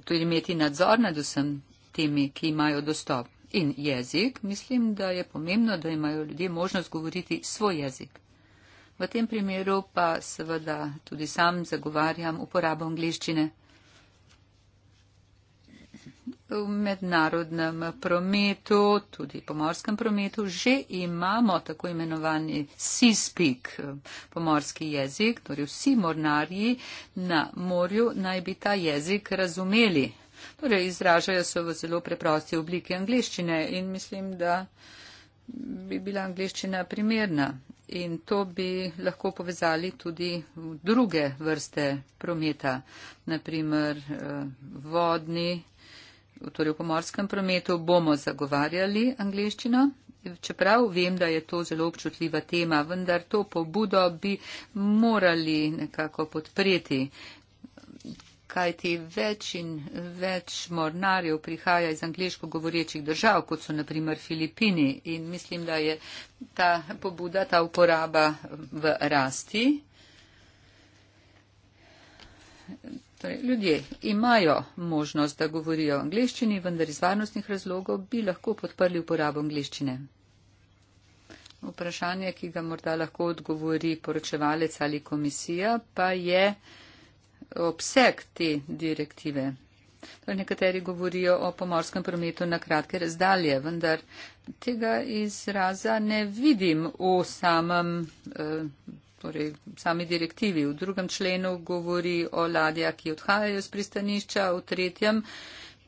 tudi imeti nadzor nad vsem temi, ki imajo dostop. In jezik, mislim, da je pomembno, da imajo ljudje možnost govoriti svoj jezik. V tem primeru pa seveda tudi sam zagovarjam uporabo angliščine v mednarodnem prometu, tudi pomorskem prometu, že imamo tako imenovani SISPIK, pomorski jezik, torej vsi mornarji na morju naj bi ta jezik razumeli. Torej, izražajo se v zelo preprosti obliki angliščine in mislim, da bi bila angliščina primerna. In to bi lahko povezali tudi druge vrste prometa, naprimer eh, vodni, torej v pomorskem prometu bomo zagovarjali angliščino. Čeprav vem, da je to zelo občutljiva tema, vendar to pobudo bi morali nekako podpreti, kajti več in več mornarjev prihaja iz angliško govorečih držav, kot so naprimer Filipini in mislim, da je ta pobuda, ta uporaba v rasti. Torej, ljudje imajo možnost, da govorijo v angliščini, vendar iz varnostnih razlogov bi lahko podprli uporabo angliščine. Vprašanje, ki ga morda lahko odgovori poročevalec ali komisija, pa je obseg te direktive. Torej, nekateri govorijo o pomorskem prometu na kratke razdalje, vendar tega izraza ne vidim v samem. Eh, torej sami direktivi. V drugem členu govori o ladjah, ki odhajajo z pristanišča, v tretjem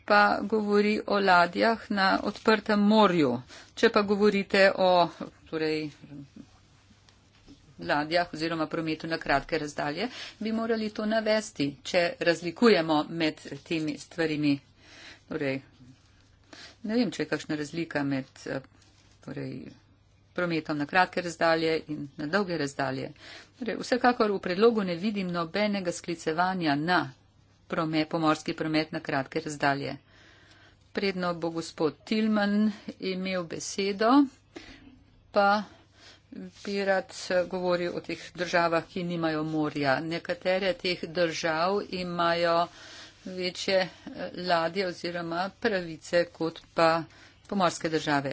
pa govori o ladjah na odprtem morju. Če pa govorite o torej, ladjah oziroma prometu na kratke razdalje, bi morali to navesti, če razlikujemo med temi stvarimi. Torej, ne vem, če je kakšna razlika med eh, torej, prometom na kratke razdalje in na dolge razdalje. Torej, vsekakor v predlogu ne vidim nobenega sklicevanja na promet, pomorski promet na kratke razdalje. Predno bo gospod Tilman imel besedo, pa bi rad govoril o teh državah, ki nimajo morja. Nekatere teh držav imajo večje eh, ladje oziroma pravice kot pa pomorske države.